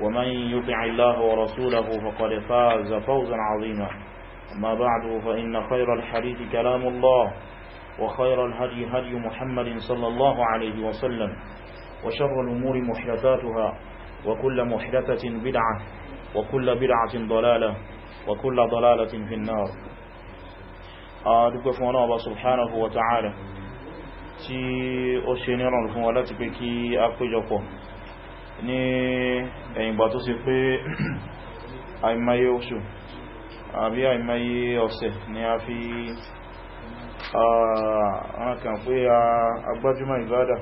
ومن يطع الله ورسوله فقد فاز فوزا عظيما أما بعد فإن خير الحديث كلام الله وخير الهدي هدي محمد صلى الله عليه وسلم وشر الأمور محدثاتها وكل محدثة بدعة وكل بدعة ضلالة وكل ضلالة في النار أدوك الله سبحانه وتعالى تي أشنر الفوالات بكي أقجكم ní ẹ̀yìngbà tó sì pé àìmáyé oṣù àbí àìmáyé ọ̀sẹ̀ ni a fi ọ̀kan pé agbájúmọ̀ ìbádà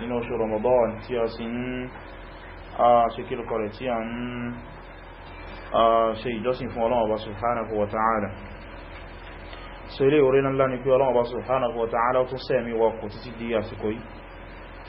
nínú oṣù Ramadan tí a sì ń ṣe kílùkọ̀ rẹ̀ tí a ń ṣe ìjọsìn fún Ọba subhanahu wa ta'ala so ilé orí náà ní pé Ọba subhanahu tó sẹ́ẹ̀mí wa títí di àsìkò yìí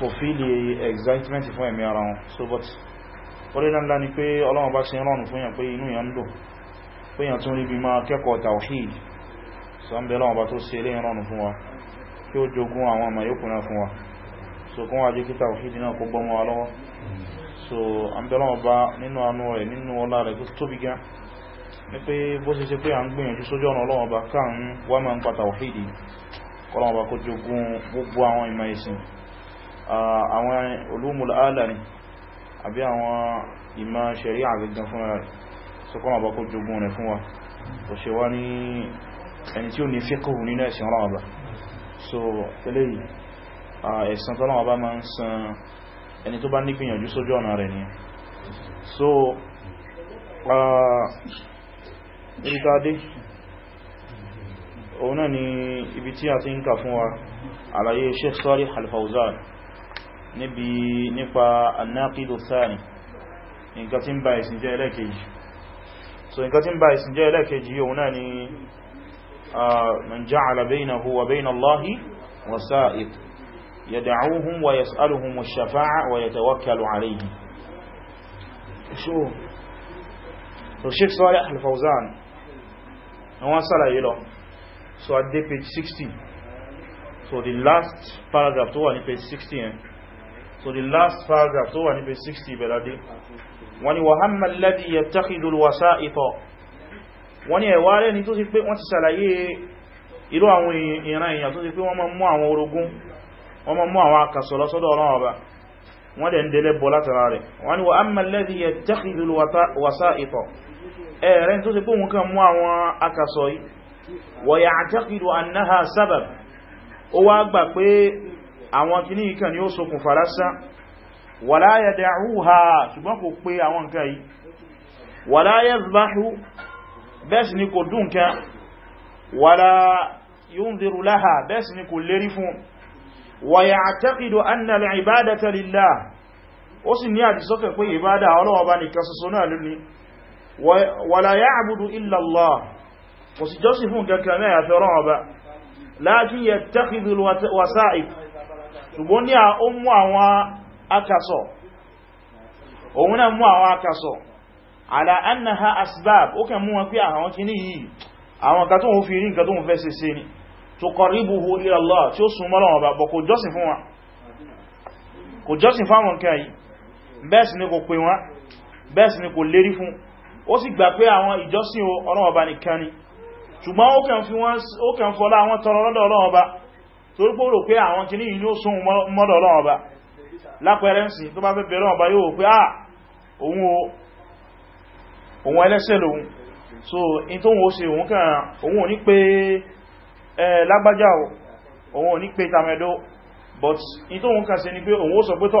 fulfill excitement fún ẹ̀mí ara wọn so but orílẹ̀ ńlá ni pé Ọlọ́run bá ṣe rọrùn fún yàn pé inú yàn ń dùn pé yàn tún rí bí máa kẹ́kọ̀ọ́ tawhid so ń bẹ Ọlọ́run bá tó ṣe lẹ́yìn rọrùn fún wa kí ó jogún àwọn ọmọ yóò kúnná fún wa so kún wá jẹ́ kí tawhid náà kó gbọmọ wa lọ́wọ́ so ń bẹ Ọlọ́run bá nínú àánú rẹ̀ nínú ọlá rẹ̀ tó tóbi gan ní pé bó ṣe ṣe pé à ń gbìyànjú sójú ọ̀nà Ọlọ́run bá káà ń wá máa ń pa tawhid Ọlọ́run bá kó jogún gbogbo àwọn ìmọ̀ ìsìn Ah, àwọn ulumul ala ni àbí àwọn ìmá ṣẹ̀ríà àgbẹ̀gbẹ̀ fún rẹ̀ so kọ́nà bá kó jogun rẹ̀ fún wa kò ṣe wá ní ẹni tí ó ní fiqhu nínú ẹ̀sìn ọ̀rọ̀ so eléyìí ẹ̀sìn tọ́lọ̀ ọba máa ń san ẹni tó bá ní so ìrítàdé òun náà ni ibi tí a ti ń kà fún níbi nípa annaqidu thani nǹkan tí ń bá ìsìn jẹ́ ẹlẹ́kejì so nǹkan tí ń bá ìsìn jẹ́ ẹlẹ́kejì yóò náà ni man ja'ala baynahu wa bayna Allahi wasa'id yad'uhum wa yas'aluhum ash-shafa'a wa yatawakkalu 'alayhim so so Shaykh Saalih Al Fawzān àwọn sálàyé lọ so at page 60 so the last paragraph tó wà page 60 so the last paragraph tó wà ní page 60 bẹ̀láde wọ́n ni wàhámà lẹ́dí yẹ tẹ́kìdùl wàsá ìtọ̀ wọ́n ni ẹ̀wà rẹ̀ ni tó sì pé wọ́n ti sàlàyé irú àwọn ìran èèyàn tó sì pé wọ́n ma àwọn orogún wọ́n ma àwọn akàsọ̀ lọ́sọ́dọ̀ ọ̀rọ̀ àwọn kìíní ìkan ni ó sokùn farasa wàlá yada'uha ṣùgbọ́n kò pé àwọn nǹkan yìí wàlá yazbahu bẹ́ẹ̀ sì ni kò dùn kẹ wàlá yunziru laha bẹ́ẹ̀ sì ni kò lérí fún wa ya'taqidu anna al-ibadata lillah ó sì ní àdìsọ́kẹ̀ pé ìbádà Ọlọ́run ṣùgbọ́n ní ó mú àwọn akasọ̀ òun náà mú àwọn akasọ̀ ala annaha asbab ó kẹ mú wọn pé àwọn kìíní yìí àwọn fi rí nǹkan tó ń fẹ́ ṣeṣe ni tuqarribuhu ila Allah tí ó sún mọ́ Ọba kò jọ́sìn fún wọn kò yìí bẹ́ẹ̀ ni ko wọn bẹs ni ko leri si torí pé ó àwọn kìíní yìí yóò sún mọ́dọ̀ Ọlọ́run Ọba lápẹẹrẹ ń sìn tó bá fẹ́ bẹ̀rẹ̀ Ọba yóò pé à òun so in tó wọ́n òun kàn òun ò ní pé lágbájá òun ò ní pé but ni pé òun ó sọ pé tọ́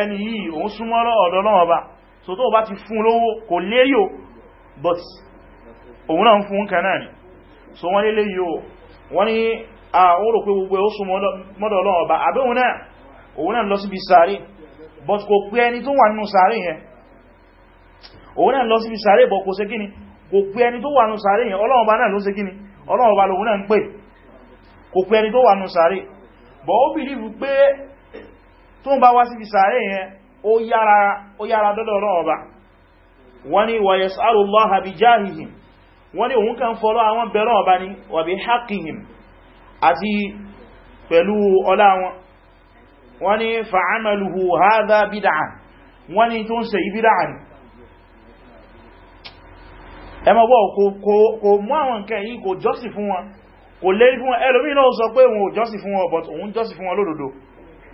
ẹni yìí òun súnmọ́ ọ̀dọ̀ Ọlọ́run Ọba so tó bá ti fún lówó kò léyò but òun náà ń fún ni so wọ́n lélé yíò wọ́n a àwọn òpé gbogbo ó súnmọ́ ọ̀dọ̀ Ọlọ́run Ọba òun náà òun náà lọ síbi sàárè but kò pé ẹni tó wà nínú sàárè yẹn òun náà lọ síbi sàárè bọ̀ kò ṣe kíni kò pé ẹni tó wà nínú sàárè yẹn Ọba Ọba tó ń bá wá sí fi sàárè yẹn ó yára dọ́dọ̀ ọlọ́ọ̀bá wọ́n ni wà yas'alu Allaha bi jahihim wọ́n ni òun kan fọ́lọ́ àwọn bẹ̀rọ ọba ni wà bí haqqihim àti pẹ̀lú ọlá wọn wọ́n ni fa'amaluhu hadha bid'ah wọ́n ni tó ń ni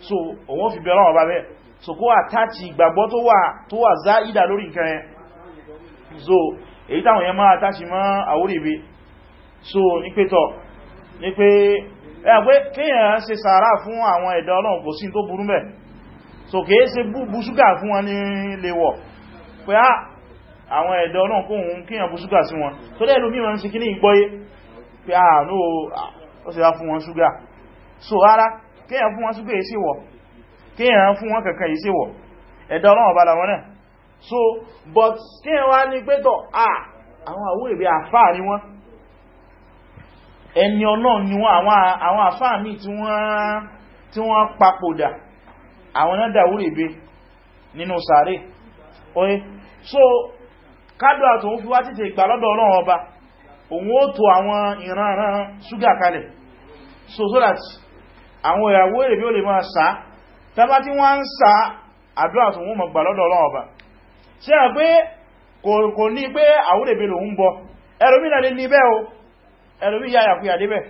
so òun fi bẹ̀rọ ọba bẹ́ so kó àtàtì ìgbàgbọ́ tó wà tó wà zá ìdà lórí nǹkan yẹn so èyí táwọn yẹn máa àtàtì mọ́ àwórìbí so ní pé tọ́ ní pé ẹgbẹ́ kéèyàn se sàárà fún àwọn ẹ̀dá Ọlọ́run kò sí tó burú mẹ́ so kèé se bú ṣúgà fún wọn ní lewọ̀ pé á ah, àwọn ẹ̀dá Ọlọ́run kóhun kéèyàn bú ṣúgà sí wọn tó dẹ̀ lómi ah, wọn ń so rárá kíyàn fún wọn ṣúgbé ìṣíwọ̀ kíyàn fún wọn kankan ìṣíwọ̀ ẹ̀dọ́ ọlọ́wọ̀ bá làwọn náà so but kíyàn wá ní pẹ́tọ̀ àwọn àwọ́ ìbí àfáà ni wọ́n ẹni ọlọ́run ni wọ́n àwọn àfáà míì tí wọ́n papòdà àwọn náà dàwúrò ìbí nínú sàárè oye so kádọ̀ àtòun fi wá títẹ̀ ìgbà lọ́dọ̀ ọlọ́run ọba òun ó tó àwọn ìran ṣúgà kalẹ̀ so so that àwọn ìyàwó èrè bí ó lè máa sá tàbá tí wọ́n ń sá àdúrà tó wọ́n mọ̀ gbà lọ́dọ̀ ọlọ́run ọba ṣe à pé kò ní pé àwúrẹ̀bẹ̀ lòun bọ ẹlòmí náà lè ní bẹ́ o ẹlòmí yà yàkúyà débẹ̀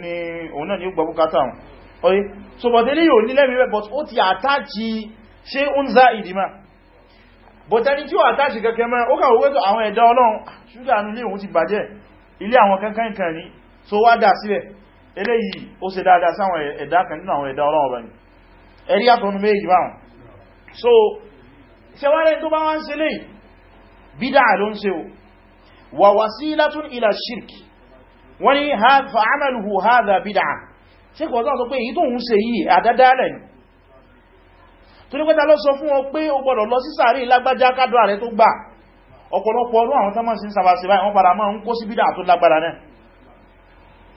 ni ó oye so bọ̀ tẹ́lẹ̀ yóò ní lẹ́mi bẹ́ but ó ti àtàjì ṣe ń zá ìdìmá but ẹni tí ó àtàjì kẹkẹ mẹ́ ó kàwé tó àwọn ẹ̀dá ah, ilé àwọn kankan kan ní so wá dà sílẹ̀ eléyìí ó ṣe dáadáa sáwọn ẹ̀dá kan nínú àwọn ẹ̀dá Ọlọ́run bá ẹ̀rí àtọ́nù méjì báwọn so ṣẹwàrẹ́ tó bá wá ń ṣe léyìí bídá ló ń ṣe wà wasilatun ila shirk wọ́n ni fa'amaluhu hadha bídá ṣe kọ̀ sọ pé èyí tó ń ṣe yìí àdádálẹ̀ ni tó ní pẹ́ta lọ sọ fún ọ pé o gbọ́dọ̀ lọ sí sàárì lágbájá kádọ́ wọ́n padà máa ń kó bídá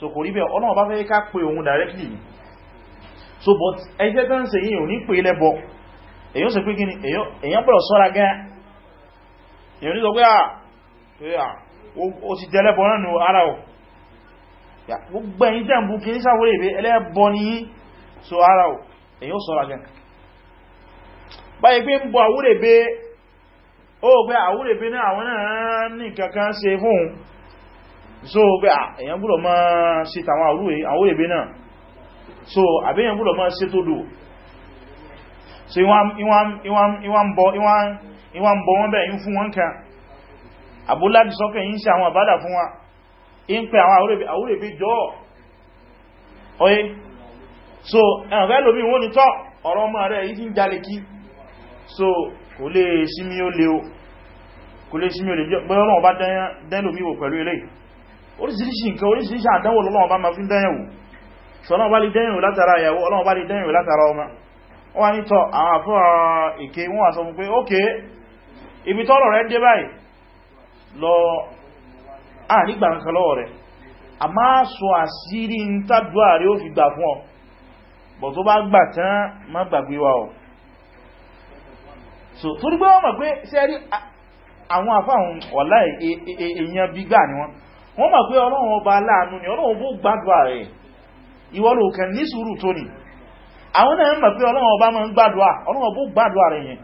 so kò rí bẹ́ ọlọ́wọ́ bá fẹ́ ká pè òun directly ni so but ẹjẹ́ tán se yíò ní pè lẹ́bọ èyàn ṣe pé gíní èyàn pẹ̀lọ̀ sọ́ra gan èyàn ní sọ pé à ó ti jẹlẹ́bọ náà nù ara ọ̀ gbogbo ẹ̀yìn tẹ́ ń bú kí ní sáwọ́rẹ̀ ìbẹ́ ẹlẹ́bọ ní so ara ọ̀ èyàn sọ́ra gan báyìí pé ń bọ àwúrẹ̀ bẹ́ ó pé àwúrẹ̀ bẹ́ náà àwọn náà ní kankan ṣe fún so pé èyàn gbúrò máa ṣe tàwọn àwọ́ èbé náà so àbẹ́yàn gbúrò máa ṣe tó do. so ìwọ̀n bọ̀ wọ́n bẹ̀rẹ̀ fún wọn kan àbúláàdì sọ́kẹ̀ yí ń ṣe àwọn àbádà fún wa in pẹ àwọn àwọ́ èbé jọ oye so ẹ̀rẹ́ lóbi wọ́n ni tọ́ ọ̀rọ̀ ọmọ rẹ̀ yí ti ń jalè kí so kò lè sí mi ó lè o kò lè sí mi ó lè jẹ́ gbọ́nà ọba dẹ́lòmíwò pẹ̀lú eléyìí oríṣiríṣi nǹkan oríṣiríṣi àdánwò lọ́wọ́ bá ma fi dẹ́yẹ̀wò ṣọ́nà bá lè dẹ́yẹ̀wò látara ìyàwó ọlọ́wọ́ bá lè dẹ́yẹ̀wò látara ọmọ wọ́n wá ní tọ́ àwọn àfọ́ èké wọ́n wá sọ fún pé ókè ibi tọ́rọ̀ rẹ̀ dé báyìí lọ à nígbà nǹkan lọ́wọ́ rẹ̀ a so torí pé wọ́n mọ̀ pé sẹ́rí àwọn àfáhùn wọ̀láì e, e, e, èèyàn bí gbà ni wọ́n mọ̀ pé ọlọ́run ọba aláàánú ni ọlọ́run bó gbàdúwà rẹ̀ ìwọ ló kẹ ní sùúrù tó ní àwọn náà mọ̀ pé ọlọ́run ọba mọ́ gbàdúwà ọlọ́run bó gbàdúwà rẹ̀ yẹn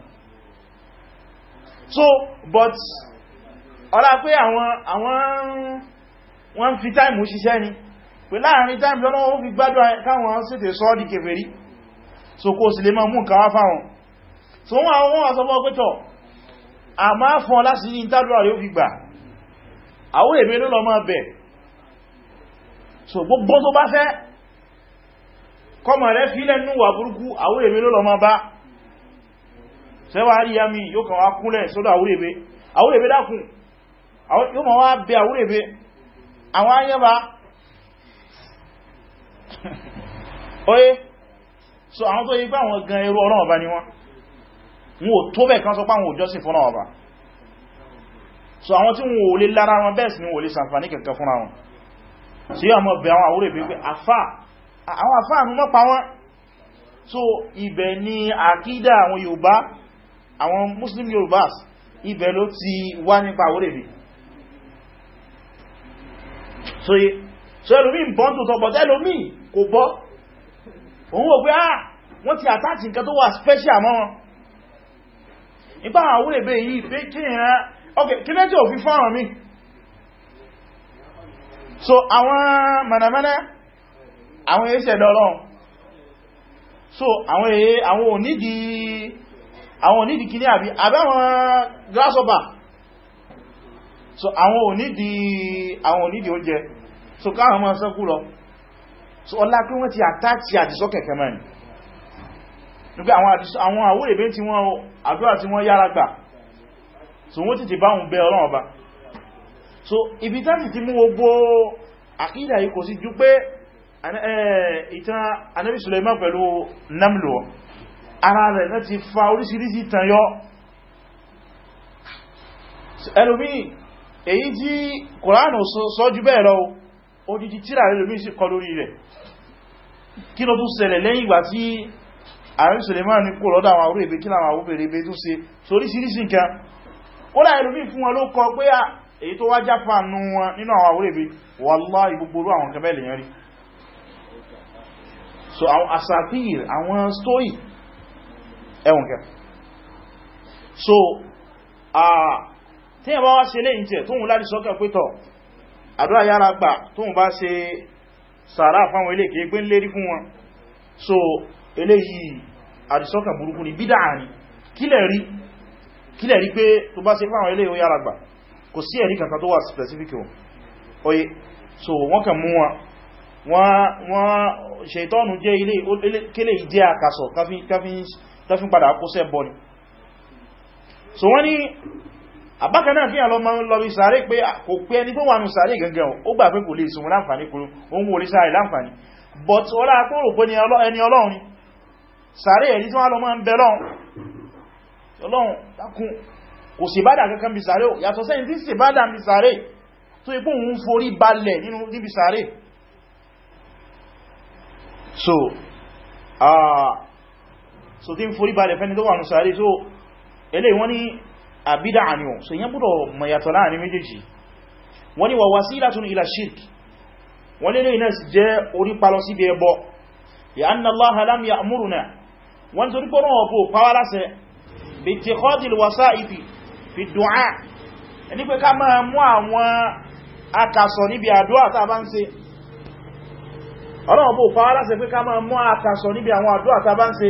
so but ọlá pé àwọn wọ́n fi táìmù ṣiṣẹ́ ni pé láàrin táìmù lọ́lọ́wọ́ fi gbàdúwà káwọn sètè sọ́ kèfèrí so kó sì lè mọ́ mú nǹkan wá fáwọn so wọ́n àwọn wọ́n àsọ́bọ́ pẹ́tọ̀ àmá fún ọlá sí ní ìtàdúrà rẹ̀ ó fi gbà àwọn èmi ló lọ máa bẹ̀ so gbogbo tó bá fẹ́ kọmọ̀ rẹ̀ fílẹ̀ nínú wà burúkú àwọn èmi ló lọ máa bá sẹ́wà rí yami yóò kàn wá kúnlẹ̀ sọ́dọ̀ àwúrẹ̀bẹ̀ àwúrẹ̀bẹ̀ dákùn yóò ma wá bẹ àwúrẹ̀bẹ̀ àwọn ayẹ́bá oye so àwọn tó yí pé àwọn gan ẹrú ọlọ́ọ̀bá ni wọ́n wọ́n tó bẹ̀ kan sọ pé àwọn òjọ́sìn fọ́nà ọba so àwọn tí wọn ò lè lára wọn bẹ́ẹ̀ sí ni wọ́n lè sàǹfàní kẹ̀kẹ́ fúnra wọn so yíò àmọ́ bẹ̀ àwọn àwúrẹ̀ pé àfà àwọn àfà àmú mọ́pa wọn so ibẹ̀ ni àkídà àwọn Yorùbá àwọn Muslim Yorùbá ibẹ̀ ló ti wá nípa àwúrẹ̀ bí so ẹlòmí ń bọ́n tó tọ́pọ̀ tẹ́lòmí kò bọ́ òun wò pé ah wọ́n ti àtàtì nǹkan tó wà special mọ́ wọn ipá àwúrẹ̀ bẹ́ yìí pé kí ìran ok kí lẹ́ tí ò fi fọ́nà mi so àwọn mẹ́nàmẹ́nà àwọn èyí ṣẹ̀dọ̀ ọlọ́run so àwọn èyí àwọn onídi àwọn onídi kìí àbí àbẹ́wọn grasshopper so àwọn onídi àwọn onídi oúnjẹ so káwọn mọ́ sọ́kú lọ so ọlá pé wọ́n ti àtàkì àdìsọ́ kẹ̀kẹ́ mẹ́rin nígbà àwọn àwọ́ ìbẹ́ tí wọ́n àdúrà tí wọ́n yára gbà so wọ́n ti ti bá ń bẹ ọlọ́run ọba so ibi tàbí ti mú gbogbo àkídà yìí kò sí ju pé ìtàn anábì Suleiman pẹ̀lú namlo ara rẹ̀ náà ti fa oríṣiríṣi tàn yọ ẹlòmí èyí tí kòránù sọ́jú bẹ́ẹ̀ lọ odidi tíra ẹlòmí sí kọ lórí rẹ̀ kí ló tún ṣẹlẹ̀ lẹ́yìn ìgbà tí anábì Suleiman ní kò lọ́dọ̀ àwọn orí ìbé kí láwọn àwọn obìnrin ìbé tún ṣe so oríṣiríṣi nǹkan kódà ẹlòmí fún wọn ló kọ pé à ah, èyí tó wá jápa nù wọn nínú àwọn àwúrẹ́bí wallahi gbogbo àwọn kẹfẹ́ yẹn rí so àwọn asatir àwọn story ẹwọ̀n kẹ so tí ẹ bá wá ṣe léyìn tẹ̀ tóhun láti sọ́kẹ̀ pẹ́tọ̀ àdúrà yára gbà tóhun bá ṣe sàárà fáwọn ilé kìí pé lérí fún wọn so eléyìí àdìsọ́kẹ̀ burúkú ni bídà ní kílẹ̀ rí kílẹ̀ rí pé tó bá ṣe fáwọn ilé ìwé yára gbà kò sí ẹ̀rí kankan tó wà specific o oye so wọ́n kàn mú wọn ṣètọ́nù jẹ́ ilé kílẹ̀ ìdí àkàsọ̀ káfí padà kó sẹ́ bọ́ ni so wọ́n ni àbákaná kí àlọ́ ma ń lọ bí sàárè pé kò pé ẹni tó wà ní sàárè gangan ó gbà pé kò lè sùn láǹfàní kúrú ohun orí sàárè láǹfàní but ọlá akóró pé ẹni ọlọ́run sàárè ẹni tó wà lọ ma ń bẹ lọ́run ọlọ́run dákun kò sí bádà kankan bí sàárè ò yàtọ̀ sẹ́yìn tí sí bádà bí sàárè tó ipò òun forí balẹ̀ nínú níbi sàárè so ah so tí ń forí balẹ̀ fẹ́ni tó wà ní sàárè so ẹlẹ́ wọ́n ní àbídà àníwọ̀ so yẹn búrọ̀ mọ̀yàtọ̀ láàrin méjèèjì wọ́n ní wà wasilatun ila shirk wọ́n lè lè jẹ́ orí palọ síbi ẹbọ ya anna allaha lam ya'muruna wọ́n torí pọ́rọ̀ ọ̀pọ̀ pàwálásẹ̀ bí ti kọ́dìl wasaiti fi dùnà ẹni pé ká máa mú àwọn akasọ̀ níbi àdúwà tàà bá ń ṣe ọlọ́wọ́ bó fara láti pé ká máa mú akasọ̀ níbi àwọn àdúwà tàà bá ń ṣe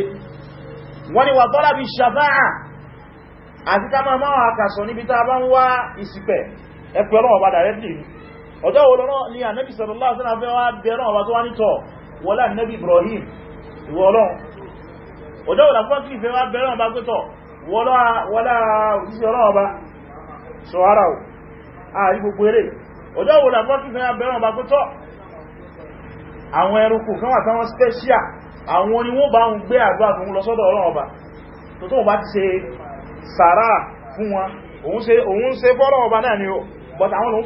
wọ́n ni wà tọ́lá bí ṣàfáà àti ká máa mú akasọ̀ níbi tàà bá ń wá ìsìpẹ̀ ẹ̀pẹ̀ ọlọ́wọ́ bá dàrẹ́tì ọjọ́ wo lọ́rọ́ ni ànẹ́bì sallallahu alaihi wasallam fẹ́ wá bẹ̀rẹ̀ ọba tó wá nítọ̀ wọlá ànẹ́bì Ibrahim ìwọ̀ ọlọ́run ọjọ́ wo làfọ́kì fẹ́ wá bẹ̀rẹ̀ wọ́lá òjíṣẹ́ ọlọ́wọ́ bá sọ ara ò ààrí gbogbo eré ọjọ́ wo làbọ́ kí fẹ́ abẹ́rẹ́ ọba pẹ́tọ́ àwọn ẹrùkù kan wà táwọn special àwọn ni wọ́n bá ń gbé àdúrà fún lọ sọ́dọ̀ ọlọ́wọ́ bá tó tó bá ti ṣe sàárà fún wọn òun ṣe fọ́lọ́ ọba náà ni ó but àwọn lòun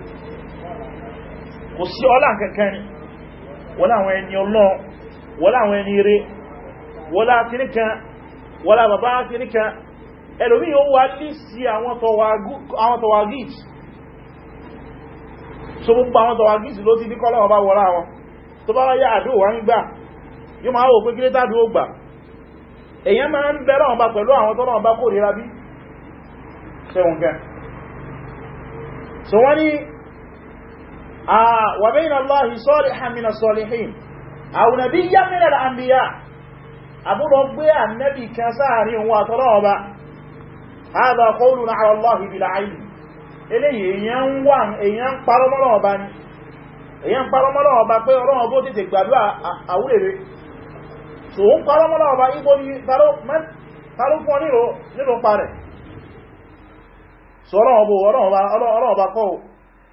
kò sí ọlá kankan ni wọ́lá àwọn ẹni ọlọ́run wọ́lá àwọn ẹni eré wọ́lá kìníkan wọ́lá bàbá kìníkan ẹlòmí yóò wá ní sí àwọn tọwàgìtì so gbogbo àwọn tọwàgìtì ló ti ní kọ́lọ̀ ọba wọ́lá wọn tó bá yá àdó wà ń gbà yóò máa wò pé kí létà so wọ́n آه وبين الله صالحا من الصالحين أو نبيا من الأنبياء أبو ربي النبي كسار وطرابا هذا قول على الله بلا علم eléyìí èyàn ń wà èyàn ń parọ́ mọ́lọ́ ọba ni èyàn ń parọ́ mọ́lọ́ ọba pé ọlọ́run bó tètè gbàdúrà àwúrèrè tó ń parọ́ mọ́lọ́ ọba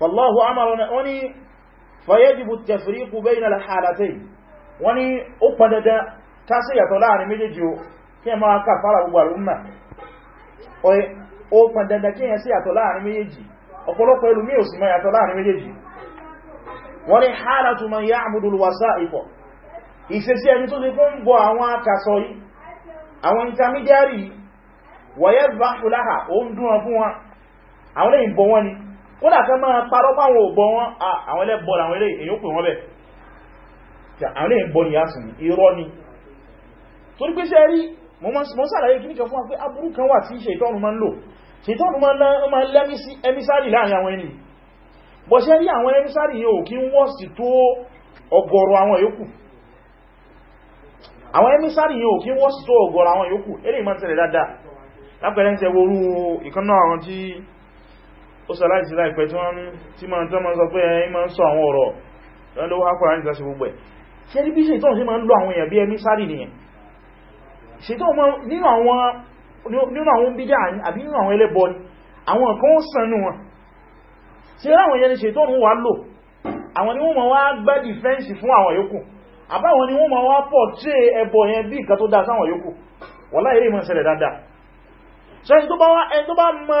فالله أمر وني فيجب التفريق بين الحالتين وني أقدد كاسية لعني مجيجيو كما كفر أبو الأمة أقدد كاسية لعني مجيجي ọ̀pọ̀lọpọ̀ ẹlùmí ò sì mọ́ yàtọ̀ láàrin méjèèjì wọ́n ni hálàtù man ẹni tó ti fún bọ àwọn akàsọ yìí àwọn intermediary wa yadhbahu laha ó fún àwọn lẹ́yìn bọ wọ́n ni kódà kan máa parọ́ báwọn òbọ wọn àwọn ilẹ̀ bọ́ àwọn ilé èyí ó pè wọ́n bẹ̀ àwọn lẹ́yìn bọ ni yásùn irọ́ ni torí pé ṣe rí mọ́ sàlàyé kí níkan fún wa pé aburú kan wà tí ṣètọ́nù máa ń lò ṣètọ́nù máa ń lẹ́mí sí ẹmísárì láàrin àwọn ẹni bọ́ ṣe rí àwọn ẹmísárì yìí ó sọ láti láìpẹ́ tí ma ń tán ma ń sọ pé ẹ̀yìn ma ń sọ àwọn ọ̀rọ̀ lọ́n ló wá kọ́rán ìtàṣì gbogbo ẹ̀ ṣe rí bí ṣètọ́n sí ma ń lọ àwọn èèyàn bí ẹni sáré nìyẹn ṣètọ́n nínú àwọn bídá àbí nínú àwọn ẹlẹ́bọ ni àwọn kan ó sànú wọn ṣe ráwọn yẹn ni ṣètọ́n wà lò àwọn ni wọ́n ma wá gbá dìfẹ́ǹsì fún àwọn yòókù àbáwọn ni wọ́n ma wá pọ̀ tí ẹbọ yẹn bí ìkan tó dá sáwọn yòókù wọ́n láì rí ìmọ̀ ṣẹlẹ̀ dáadáa ṣe ẹni tó bá mọ́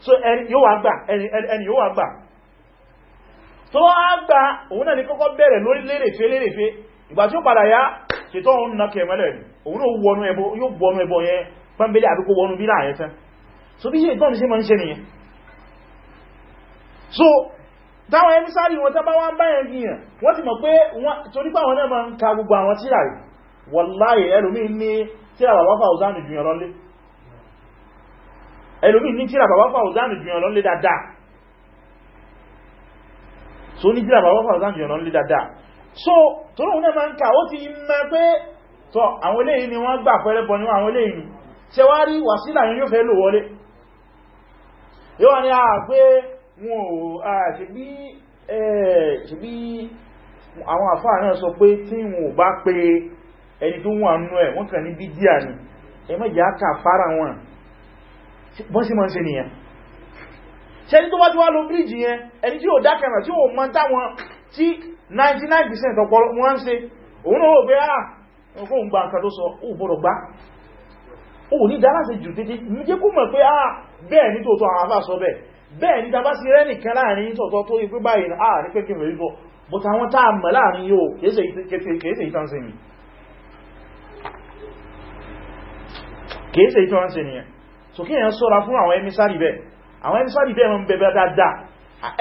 so ẹni yóò wà gbà ẹni yóò wà gbà tó wá gbà òun náà ni kọ́kọ́ bẹ̀rẹ̀ lórí lérèfé lérèfé ìgbà tí ó padà yá ṣètọ́ òun na kẹmẹ́lẹ̀ òun yóò wọnú ẹbọ yẹn pẹ́mbẹ́lẹ̀ àbíkó wọnú bí láàyẹ tán so bí ṣe ìtọ́nù sí mọ́ ń ṣe nìyẹn so táwọn ẹni sáré wọn tẹ́ bá wá ń báyẹn gbìyàn wọ́n ti mọ̀ pé torí pàwọn náà máa ń ka gbogbo àwọn tíra rẹ̀ wọ̀láyẹ̀ ẹlòmí ní tíra bàbá fàúzánì jùyàn lọ́lé ẹlòmí ní tíra bàbá Fawzan jùyàn lọ lé dáadáa so ní tíra bàbá Fawzan jùyàn lọ lé dáadáa so tó lóun náà máa ń ká ó ti mẹ́ pé tọ àwọn eléyìí ni wọ́n gbà pẹ́lẹ́pọ̀ ní àwọn eléyìí ṣe wá rí wàsílà yóò fẹ́ lò wọlé yóò ní àà ah, pé wọn ò fara wọn bọ́n sí mọ́ sí nìyẹn ṣe ní tó bá tí wá ló bíríjì yẹn ẹni tí ó dákẹ̀mẹ̀ tí ó mọ́ táwọn tí 99% ọ̀pọ̀ wọ́n ṣe òun ó bẹ́ àà fóun gba nǹkan tó sọ ó gbọ́dọ̀ gbá ó ní dára sí jù títí jẹ́ kó mọ̀ pé àà ah, bẹ́ẹ̀ ní tòótọ́ àwọn afá sọ bẹ́ẹ̀ bẹ́ẹ̀ ní tàbá sí rẹ́ nìkan láàrin tòótọ́ tó ipé báyìí àà ah, ní pé kí mẹ́rin bọ́ but àwọn táà mọ̀ láàrin yóò kèése ìtànsẹ̀ nìyẹn so kí èyàn sọ́ra fún àwọn emisari bẹ́ àwọn emisari bẹ́ wọn bẹ̀bẹ̀ dáadáa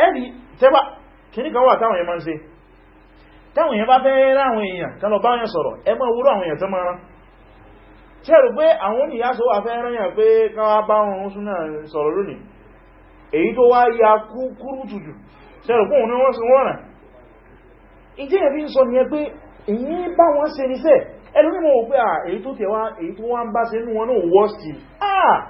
ẹ̀rí tẹ́bà kìní kan wà táwọn èyàn máa ń ṣe táwọn èyàn bá fẹ́ ráwọn èyàn kan lọ bá yẹn sọ̀rọ̀ ẹ máa wúrọ̀ àwọn èyàn tó máa rán tí ẹ̀rù pé àwọn oníyà sọ wà fẹ́ rán yàn pé kán wá wọ́n pé à èyí tó wá ń bá ṣe nú wọn náà wọ́ sí ah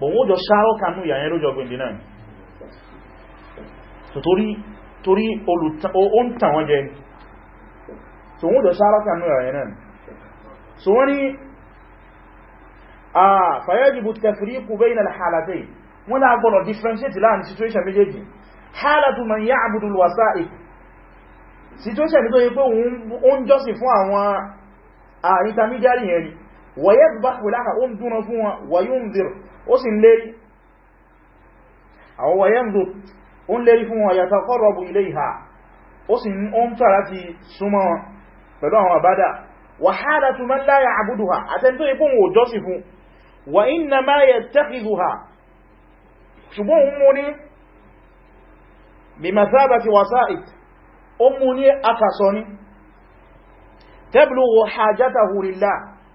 bọ̀ wọ́n jọ ṣárọ́ kanú ìyàyẹn lójọ gbìndì náà so torí torí ó ń tàn wọ́n jẹ ni so wọ́n jọ ṣárọ́ kanú ìyàyẹn náà so wọ́n ni a fayajibu tafriqu bayna al-halatayn wọ́n náà gbọ́nà differentiate láàrin situation méjèèjì halatu man ya'budu al-wasa'ik situation ní tó yí pé ó ń jọ́sìn fún àwọn intermediary yẹn ni wọ́yẹ́ bá kò láka ó dúnà fún wọn wọ́yún zero ó sì ń lérí àwọwà yẹ́mdò ó ń lérí fún wọn yataqarrabu ilayha ó sì ń tọ́ láti súnmọ́ wọn pẹ̀lú àwọn àbádà wa halatu man la ya'buduha àtẹ́ntó ikún wò jọ́sì fún wa innama yattakhidhuha ṣùgbọ́n ó mú ní ó mú ní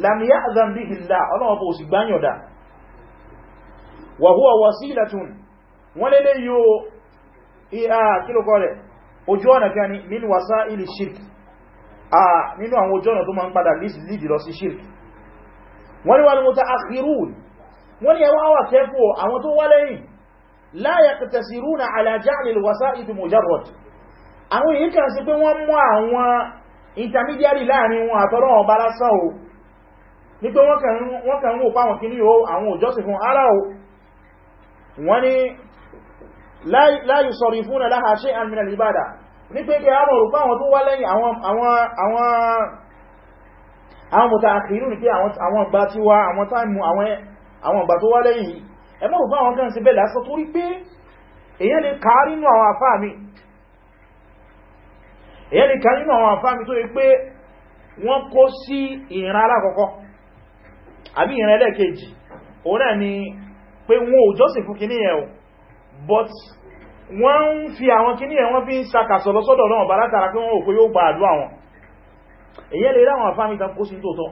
lam ya'zan bihi Allah ọlọ́wọ́ bó sì gbáyọ̀dá wa huwa wasilatun wọ́n lè lè yóò ìhà kílùkọ́ rẹ̀ ojú ọ̀nà kan ní min wasa'ili shirk a nínú àwọn ojú ọ̀nà tó ma ń padà lídì lọ sí shirk wọ́n ni wà ní mutaakhirun wọ́n ni ẹwà wà kẹfò àwọn tó wá lẹ́yìn la yaqtasiruna ní pé wọ́n kàn ń wò fáwọn kí ní o àwọn òjọ́sìn fún ara o wọ́n ni la yusarifuna laha shay'an min al-ibada ní pé kí a mọ̀ rúfà àwọn tó wá lẹ́yìn àwọn mutaakhirun ní pé àwọn gbà tí wá àwọn táìmù àwọn gbà tó wá lẹ́yìn ẹ mọ̀ rúfà àwọn kan sí bẹ́ẹ̀ lásán torí pé mi èyàn lè kàá nínú àwọn àfáà mi tó yẹ pé wọ́n kó sí ìran alákọ̀ọ́kọ́ àbí ìran ẹlẹ́kejì òun náà ni pé wọn ò jọ́sìn fún kíní yẹn o but wọ́n ń fi àwọn kíní yẹn wọ́n fi ń sakàsọ̀ lọ́sọ́dọ̀ náà bá látara pé wọ́n ò pé yóò gba àdúrà wọn èyí lè ráwọn àfá mi kan kó sí tóótọ́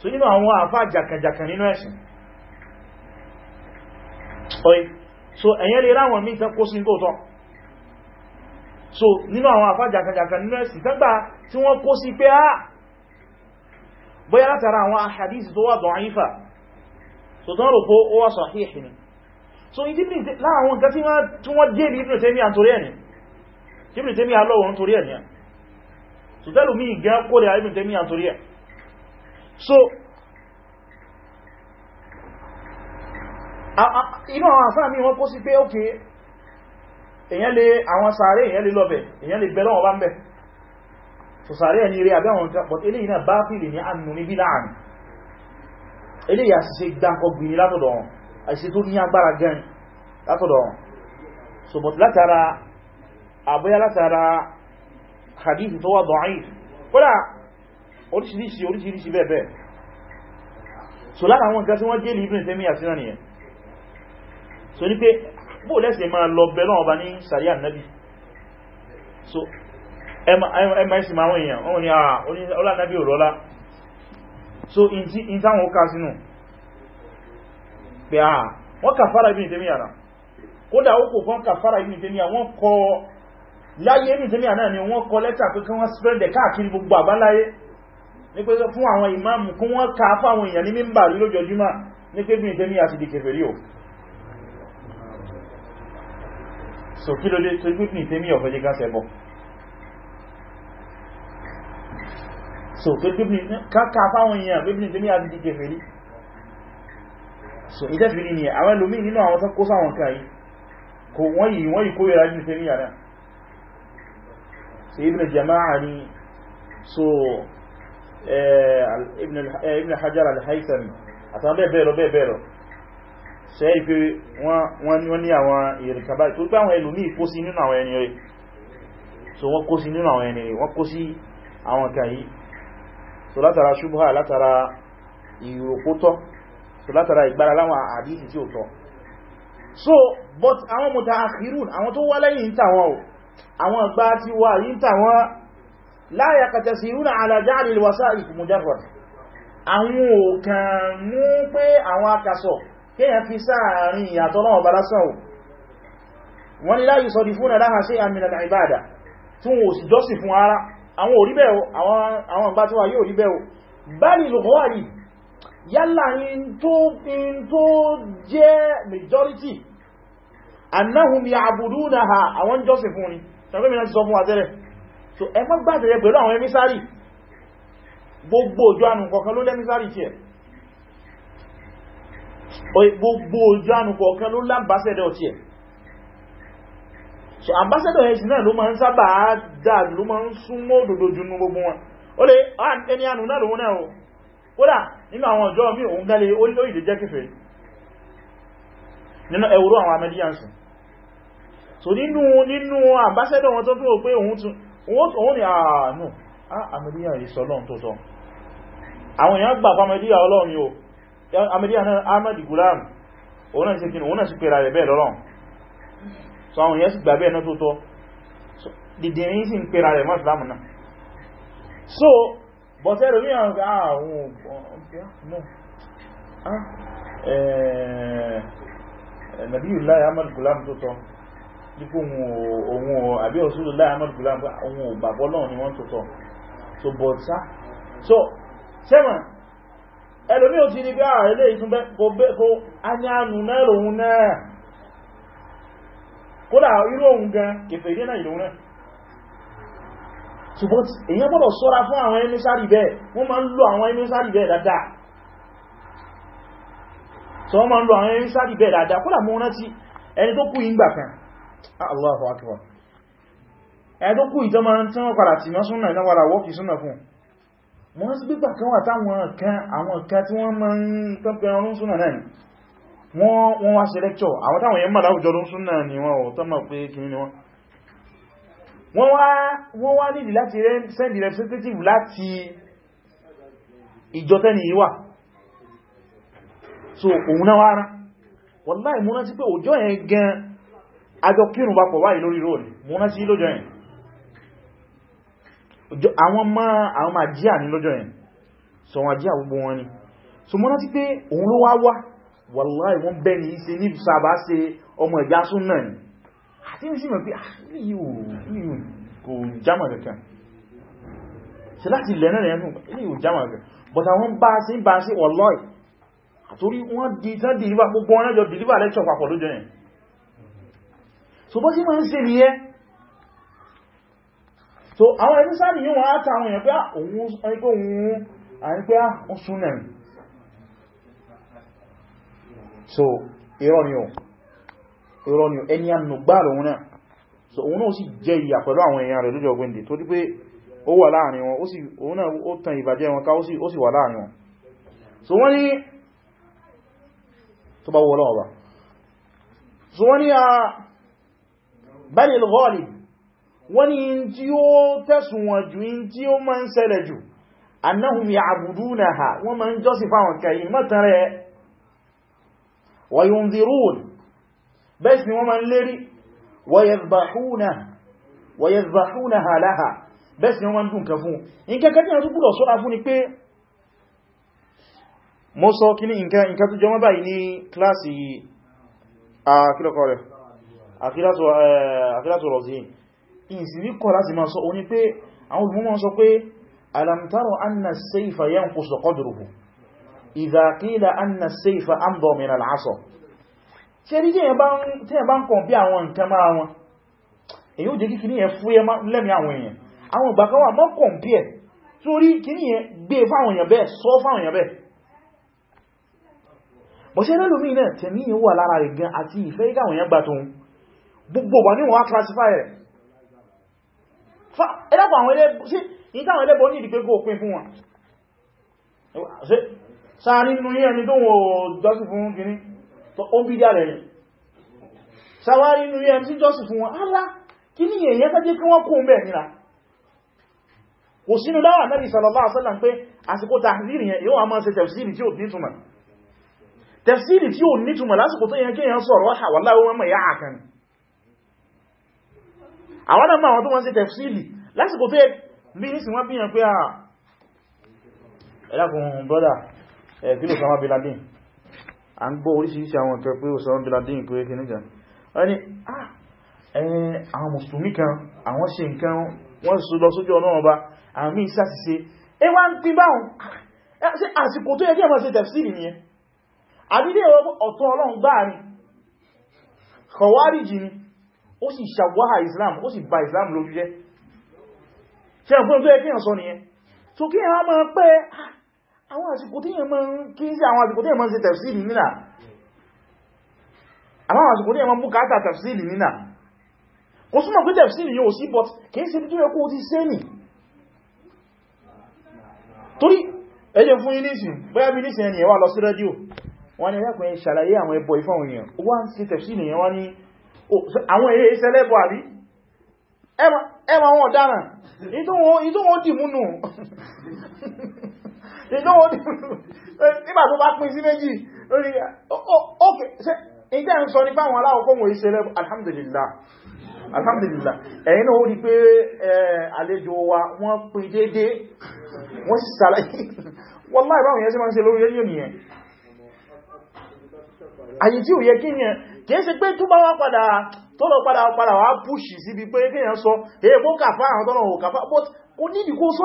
so nínú àwọn àfá jàkàjàkàn nínú ẹ̀sìn so èyí lè ráwọn mi kan kó so nínú àwọn àfá jàkàjàkàn nínú ẹ̀sìn tẹ́gbà tí wọ́n kó sí pé ah bóyá látara àwọn ahadith tó wà dọ̀ífà so tán rò pó ó wà sahih ni so láàwọn nǹkan tí wọ́n dé ní Ibn Taymiyyah torí ẹni Ibn Taymiyyah lọ́wọ́n torí ẹni so tẹ́lù mí gẹ́ kó rẹ̀ Ibn Taymiyyah torí ẹ so inú àwọn àfáà so sàárẹ́ ẹni rí àbẹ́ àwọn ìtàpọ̀ ilé iná bá fìlì ní ànú ní bílá àmì ilé yà sí ṣe dákọ̀ gbìyàn látọ̀dọ̀ wọn àìsí tó ní agbára gan látọ̀dọ̀ wọn so but látara àbúyá látara hadith tó wà da'if kódà oríṣiríṣi oríṣiríṣi bẹ́ẹ̀ so lára àwọn nǹkan tí wọ́n jẹ́ Ibn Taymiyyah àti náà nìyẹn so ní pé bóò lẹ́sẹ̀ máa ẹmẹ́sì máa wọ́n èèyàn wọ́n ah, ni àà ọlànàbí òrọ́lá so in táwọn ó ká sínú pé àà ah, wọ́n kàfàrà ibi ìtẹ́míyà náà kódà ó kò fún kàfàrà ibi ìtẹ́míyà wọ́n kọ láyé ibi ìtẹ́míyà náà ni wọ́n kọ lẹ́tà pé kán wọ́n spreadẹ̀ káàkiri gbogbo àgbáláyé ní pé fún àwọn ìmáàmù kún wọ́n ká fún àwọn èèyàn ní mímbà rí lójoojúmọ́ ní pé ibi ìtẹ́míyà ti di kèfèrí o so kí ló dé tó ibi ìtẹ́míyà ọ̀fẹ́jẹ́ gánsẹ̀ bọ́ so tó bíblì káàkà fáwọn èèyàn bíblì tó ní àdìdì kèfèrí so ìtẹ́fìrí ni àwọn ẹlòmí nínú àwọn tó kó sáwọn kan yìí kò wọ́n yìí wọ́n yìí kó yẹra jù tẹ́rí yàrá so ibn jama'a ni so ibn hajar al-haythami àtàwọn bẹ́ẹ̀bẹ́ẹ̀rọ bẹ́ẹ̀bẹ́ẹ̀rọ ṣe rí pé wọ́n ní àwọn ìrìnkàbá tó gbá àwọn ẹlòmí kó sí nínú àwọn ẹni rẹ̀ so wọ́n kó sí nínú àwọn ẹni rẹ̀ wọ́n kó sí àwọn kan yìí so látara ṣubha látara ìròkótọ́ so látara ìgbára láwọn àdísì tí ó tọ́ so but àwọn mutaakhirun àwọn tó wá lẹ́yìn tàwọn o àwọn gbá tí wà yí tàwọn la yaqtasiruna ala ja'li al-wasa'it mujarrad àwọn ò kàn mú pé àwọn akasọ̀ kéyàn fi sáàrin ìyàtọ̀ náà bá àwọn orí bẹ́ẹ̀ àwọn àgbà tí wà yóò rí bẹ́ẹ̀ o báyìí lò wà rí yálà in tó jẹ́ majority annahum ya'budunaha àwọn jọ́sìn fún ni tàbí mìíràn ti sọ fún àtẹ́rẹ̀ so ẹ má gbàtẹ̀rẹ̀ pẹ̀lú àwọn emissary gbogbo ojú ànù kọ̀ọ̀kan ló lẹ́mísàrí tí ẹ̀ gbogbo ojú ànù kọ̀ọ̀kan ló lámbàṣẹ́dẹ̀ ọ̀tí ẹ̀ so ambassador ẹ̀sìn náà ló máa ń sábà dáa ló máa ń súnmọ́ òdòdó jù nú gbogbo wọn ó lè ah, ẹni ànú náà lòun náà o kódà nínú àwọn ọjọ́ mi òun gálẹ̀ ó lè jẹ́ kèfèrí nínú ẹwùrú àwọn amẹ́díyànsì so nínú nínú ambassador wọn tó fi wò pé òun tún òun ni àánú ah, ah, amẹ́díyà ìsọlọ́n tó tọ́ àwọn èèyàn gbà fámẹ́díyà ọlọ́run yóò amẹ́díyà náà ahmed gulam òun náà sí pẹ̀lú ààrẹ bẹ́ẹ̀ lọ́lọ́run so àwọn èèyàn sì gbà bẹ́ẹ̀ náà tó tọ́ dìdìrín sí ń pèrà rẹ̀ mọ́ ìsìlámù náà so but ẹlòmí ah, àwọn àwọn ah, eh, eh, Nabiyullahi Ahmad Gulam tó tọ́ dípò ohun àbí Rasulullahi Ahmad Gulam ohun ògbàgbọ́ náà ni wọ́n tó tọ́ so but sá so sẹ́wọ̀n ẹlòmí ò ti rí bí ààrẹ lè ìtúnbẹ́ kò á ní ànù náà lòun náà kódà irú ohun gan kèfè ìdé náà ìlòun náà ṣùgbọ́n èyàn gbọ́dọ̀ sọ́ra fún àwọn ẹmísàrí bẹ́ẹ̀ wọ́n ma ń lo àwọn ẹmísàrí bẹ́ẹ̀ dáadáa so wọ́n máa ń lo àwọn ẹmísàrí bẹ́ẹ̀ dáadáa kódà mọ́ rántí ẹni tó kú ah, ìgbà kan tó kú wọ́n wá ṣe lẹ́kṣọ́ àwọn táwọn yẹn mọ̀lá òjò lóṣún náà ni wọ́n ò tọ́mọ̀ pé kìí ni wọ́n wọ́n wá nídi láti send representative láti ìjọ tẹ́ni ìwà so òun náà wá rán wọ́láì múná sí pé òjò yẹn gan ajọ kírùn bá pọ̀ wáyìí lórí róòlì múná sí lójọ yẹn àwọn ma àwọn ma jíà ní lójọ yẹn so wọn jíà gbogbo wọn ni so múná sí pé òun ló wá wá wàláì wọ́n bẹ́ ní ṣe ní sàbá ṣe ọmọ ìjá súnnà ní àti ní sí mọ̀ pé àríyù ah, kò jámà kankan ṣe láti ilẹ̀ náà rẹ̀ yíò jámà kankan but àwọn bá ṣe ń bá ṣe wàláì àtórí wọ́n di tán dìlíbà gbogbo wọn lẹ́jọ dìlíbà lẹ́kṣọ̀ papọ̀ lójọ yẹn so bó sí máa ń ṣe nìyẹn so àwọn ẹni sáà nìyẹn wọ́n á ta àwọn èèyàn pé ah, òun àìpé òun àìpé òun ah, súnnà so irọ́ ni o ni ẹni lòun náà so òun náà sì jẹ ìyà pẹ̀lú àwọn èèyàn rẹ̀ lójọ gbẹ́ndẹ̀ tó dípé ó wà láàrin wọn òun náà ó tan ìbàjẹ́ wọn ká ó sì wà láàrin wọn so wọ́n ni tó bá ọba so wọ́n ni a balil wọ́n ni in tí ó tẹ́sùn wọn وينذرون بس ومن لري ويذبحونها ويذبحونها لها بس ومن دون كفون إن كان كتنا تقول صورة فوني بي موسى كني إن كان إن كان تجمع بيني كلاسي أكيلا قولة أكيلا رزين إن سيدي كلاسي ما سأوني بي أعود مما سأقول ألم تروا أن السيف ينقص قدره idha qila anna as-sayfa amdha min al-'asa ṣe rí tẹ́yẹ̀ bá ń kàn bí àwọn nǹkan mára wọn èyí ó jẹ́ kí kìníyàn fúyẹ́ lẹ́mí àwọn èèyàn àwọn ìgbà kan wà mọ́ kàn bí ẹ̀ torí kìníyàn gbé e fáwọn èèyàn bẹ́ẹ̀ sọ fáwọn èèyàn bẹ́ẹ̀ bọ̀ ṣe lẹ́lùmí náà tẹ̀mí wà lára rẹ̀ gan sáà nínú yí ẹni tó wọ́n jọ́sì fún gini ó bí dà rẹ̀ sáwá nínú yí ẹni tí jọ́sì fún wọn alá kí ní èyẹ tẹ́jẹ́ kí wọ́n kún bẹ̀ nira kò sínú dáwà Ànábì sallallahu alaihi wasallam pé àsìkò tàhírì yẹn yóò a máa ṣe tẹ̀fsìrì tí ò nítumọ̀ tẹ̀fsìrì tí ò nítumọ̀ lásìkò tó yẹn kí èyàn sọ̀rọ̀ wáhà wà láwọn ọmọ ìyá àkan àwọn náà àwọn tó wọ́n ṣe tẹ̀fsìrì lásìkò tó yẹ bí ní sí wọ́n bí yẹn pé à ah, ẹ̀lákùn brọ́dà Eh, kí ló Osama bin Laden a ń gbọ́ oríṣiríṣi àwọn ǹkan pé Osama bin Laden pé kí níjà ẹni ah, àwọn mùsùlùmí kan àwọn ṣe nǹkan wọ́n sọ lọ sójú ọ̀nà ọba àwọn míì ṣàṣìṣe ẹ wá ń pín báwọn ah, àsìkò tó yẹ kí ẹmọ́ ṣe tẹ̀fsìrì nìyẹn àbílẹ̀ ọ̀tọ̀ ọlọ́run gbáà ni kọwárìjì ni ó sì ṣàwáhà Islam ó sì ba Islam lójú jẹ́ ṣe ọ̀pọ̀ tó yẹ kí ẹ̀ sọ nìyẹn tó kí ẹ̀ àwọn àsìkò tí yẹn máa ń kí sí àwọn àsìkò tí yẹn máa ń ṣe tafsiri nínà àwọn àsìkò tí yẹn máa ń bùkátà tafsiri nínà kò súnmọ̀ pé tafsiri yóò sí but kìí ṣe tó yẹ kó ti sé nì torí ẹjẹ fún yí nísìn bóyá bí nísìn ẹni ẹwà lọ sí rẹ́díò wọ́n ni ẹ̀kùn ìṣàlàyé àwọn ẹbọ ìfọ́n èèyàn wọ́n sí tafsiri yẹn wọ́n ni oh, àwọn èrè ìṣẹ́lẹ́bọ àbí ẹwà wọn ọ̀daràn ìtún wọn dì múnú nígbà tó bá pín sí méjì lórí ọkẹ̀ ṣe ìjẹ́ ń sọ nípa àwọn aláwọ̀kọ́ wọ̀nyí ṣe lẹ́bù alhamdulillah alhamdulillah ẹ̀yìn náà ó rí pé àlejò wa wọ́n pín dédé wọ́n sì sàlàyé wallahi báwọn yẹn sí máa ń ṣe lórí rédíò nìyẹn àyí tí ò yẹ kí yẹn kìí ṣe pé tó bá wá padà tọ́lọ̀ padà padà wá púṣì síbi pé kéèyàn sọ èèkó kàfà àwọn tọ́lọ̀ ò kàfà but kò nídìí kó sọ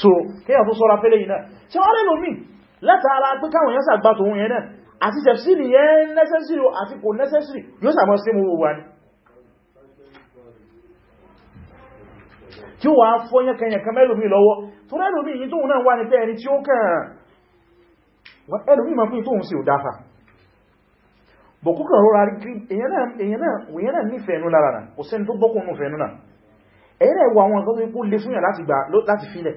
so kéyà tó sọ́ra fẹ́lẹ̀ iná tí wọ́n rẹ̀ lómi látara pé káwọn yẹn sàgbà tòun yẹn náà àti tẹ̀fsìrì yẹn necessary àti kò necessary yóò sàmọ́ sí mú wà ní kí wà fọ́ yẹnkẹyẹnkẹ mẹ́lòmí lọ́wọ́ tó rẹ̀lòmí yìí tóun náà wà ní pé ẹni tí ó kàn ẹlòmí ma fún ìtóhun sí ò dáfà bọ̀ kúkọ̀ rọra rí èyàn náà nífẹ̀ẹ́nú lára náà kò sẹ́ni tó bọ́kùn nù fẹ́ẹ̀nú náà ẹ̀yẹ́ náà wà àwọn ọ̀gọ́ tó ikú lè fún yà láti filẹ̀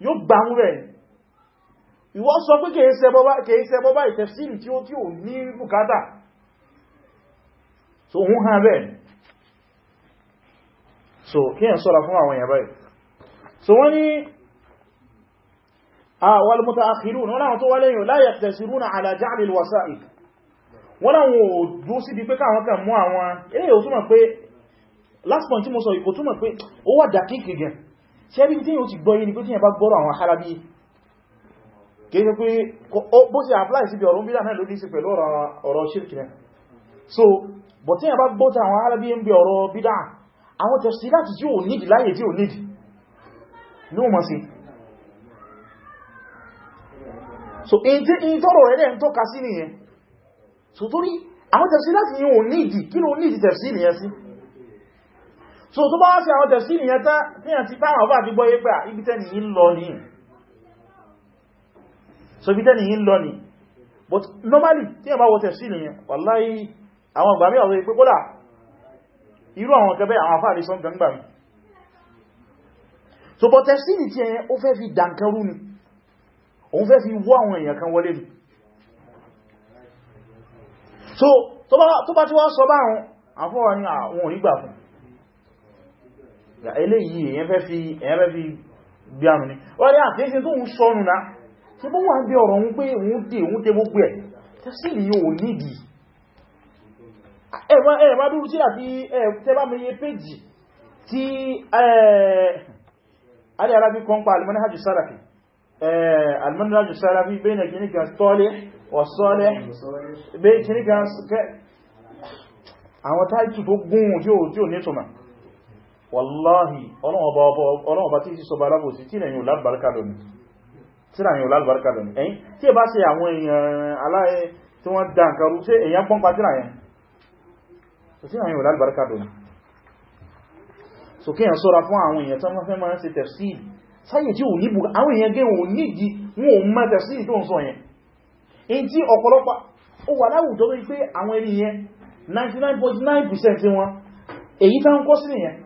yóò gbà mú rẹ̀ ìwọ sọ pé kèé ṣe bọ́bá ìtẹ̀sílì tí ó tí ò ní bùkátà so hún hàn bẹ́ẹ̀ so kíyàn sọ́ra fún àwọn èèyàn báyìí so wọ́n ni àwọn mutaakhirun wọ́n láwọn tó wá lẹ́yìn la yaqtasiruna ala ja'li al last point tí mo sọ ìkò túnmọ̀ pé ó tí ẹbí tí yíò ti gbọ́ yìí ni pé tí yẹn bá gbọ́rọ̀ àwọn Halabi kéèkéé pé bó ti apply sí bí ọ̀rọ̀ bídá náà ló ní sí pẹ̀lú ọ̀rọ̀ shirk so bọ̀ tí yẹn bá gbọ́ta àwọn ń bí ọ̀rọ̀ bídá àwọn tẹ̀sí láti tí ò nídì so tó bá wá sí àwọn tẹ̀sí ìyẹn tán tí yàn ti táwọn ọba àti gbọ́yé pé ah, ibi tẹ́ni yìí ń lọ ní so ibi tẹ́ni yìí ń lọ ní but normally tí yàn bá wọ tẹ̀sí ìyẹn wàláhí àwọn ìgbàmí ọ̀rọ̀ ìpé kódà irú àwọn kẹbẹ́ àwọn afáàrí sọ gbangba mi so but tẹ̀sí ní ti ẹyẹn ó fẹ́ fi dànkarú ni òun fẹ́ fi wọ́ àwọn èèyàn kan wọlé ni so tó bá tí wọ́n sọ bá àwọn àfọ́wà ah, ní àwọn onígbà fún eléyìí èyàn fẹ́ fi gbé àmì ní wọ́n rí àfíṣẹ́ tó ń sọ́nù náà tí bó wọ́n bí ọ̀rọ̀ ń pé òun dè òun tẹ gbogbo ẹ̀ tẹ́sílì yóò nídi ẹ̀mà dúró tí àti tẹ́bá mẹ́yẹ péjì tí adẹ́rabi àwọn táìtù tó gún tí ò ní tọ́mà wàláhì ọlọ́ọ̀bá tí sọba alábòsí tí ẹ̀yìn olálùbáríkà lónìí ẹ̀yìn tí ẹ bá ṣe àwọn èèyàn aláyẹ tí wọ́n dá nǹkan rú sí èèyàn pọ́npa tí ẹ̀yìn tí ẹ̀yìn olálùbáríkà lónìí so kí ẹ̀yàn sọ́ra fún àwọn èèyàn tán fẹ́ máa ń ṣe tafsir sáyẹ̀ tí ò ní bù àwọn èèyàn gẹ́ wọn nídi wọn ò mọ́ tafsir tó ń sọ yẹn èyí tí ọ̀pọ̀lọpọ̀ ó wà láwùjọ wípé àwọn ẹni yẹn 99.9% wọn èyí tán kọ́ sí nìyẹn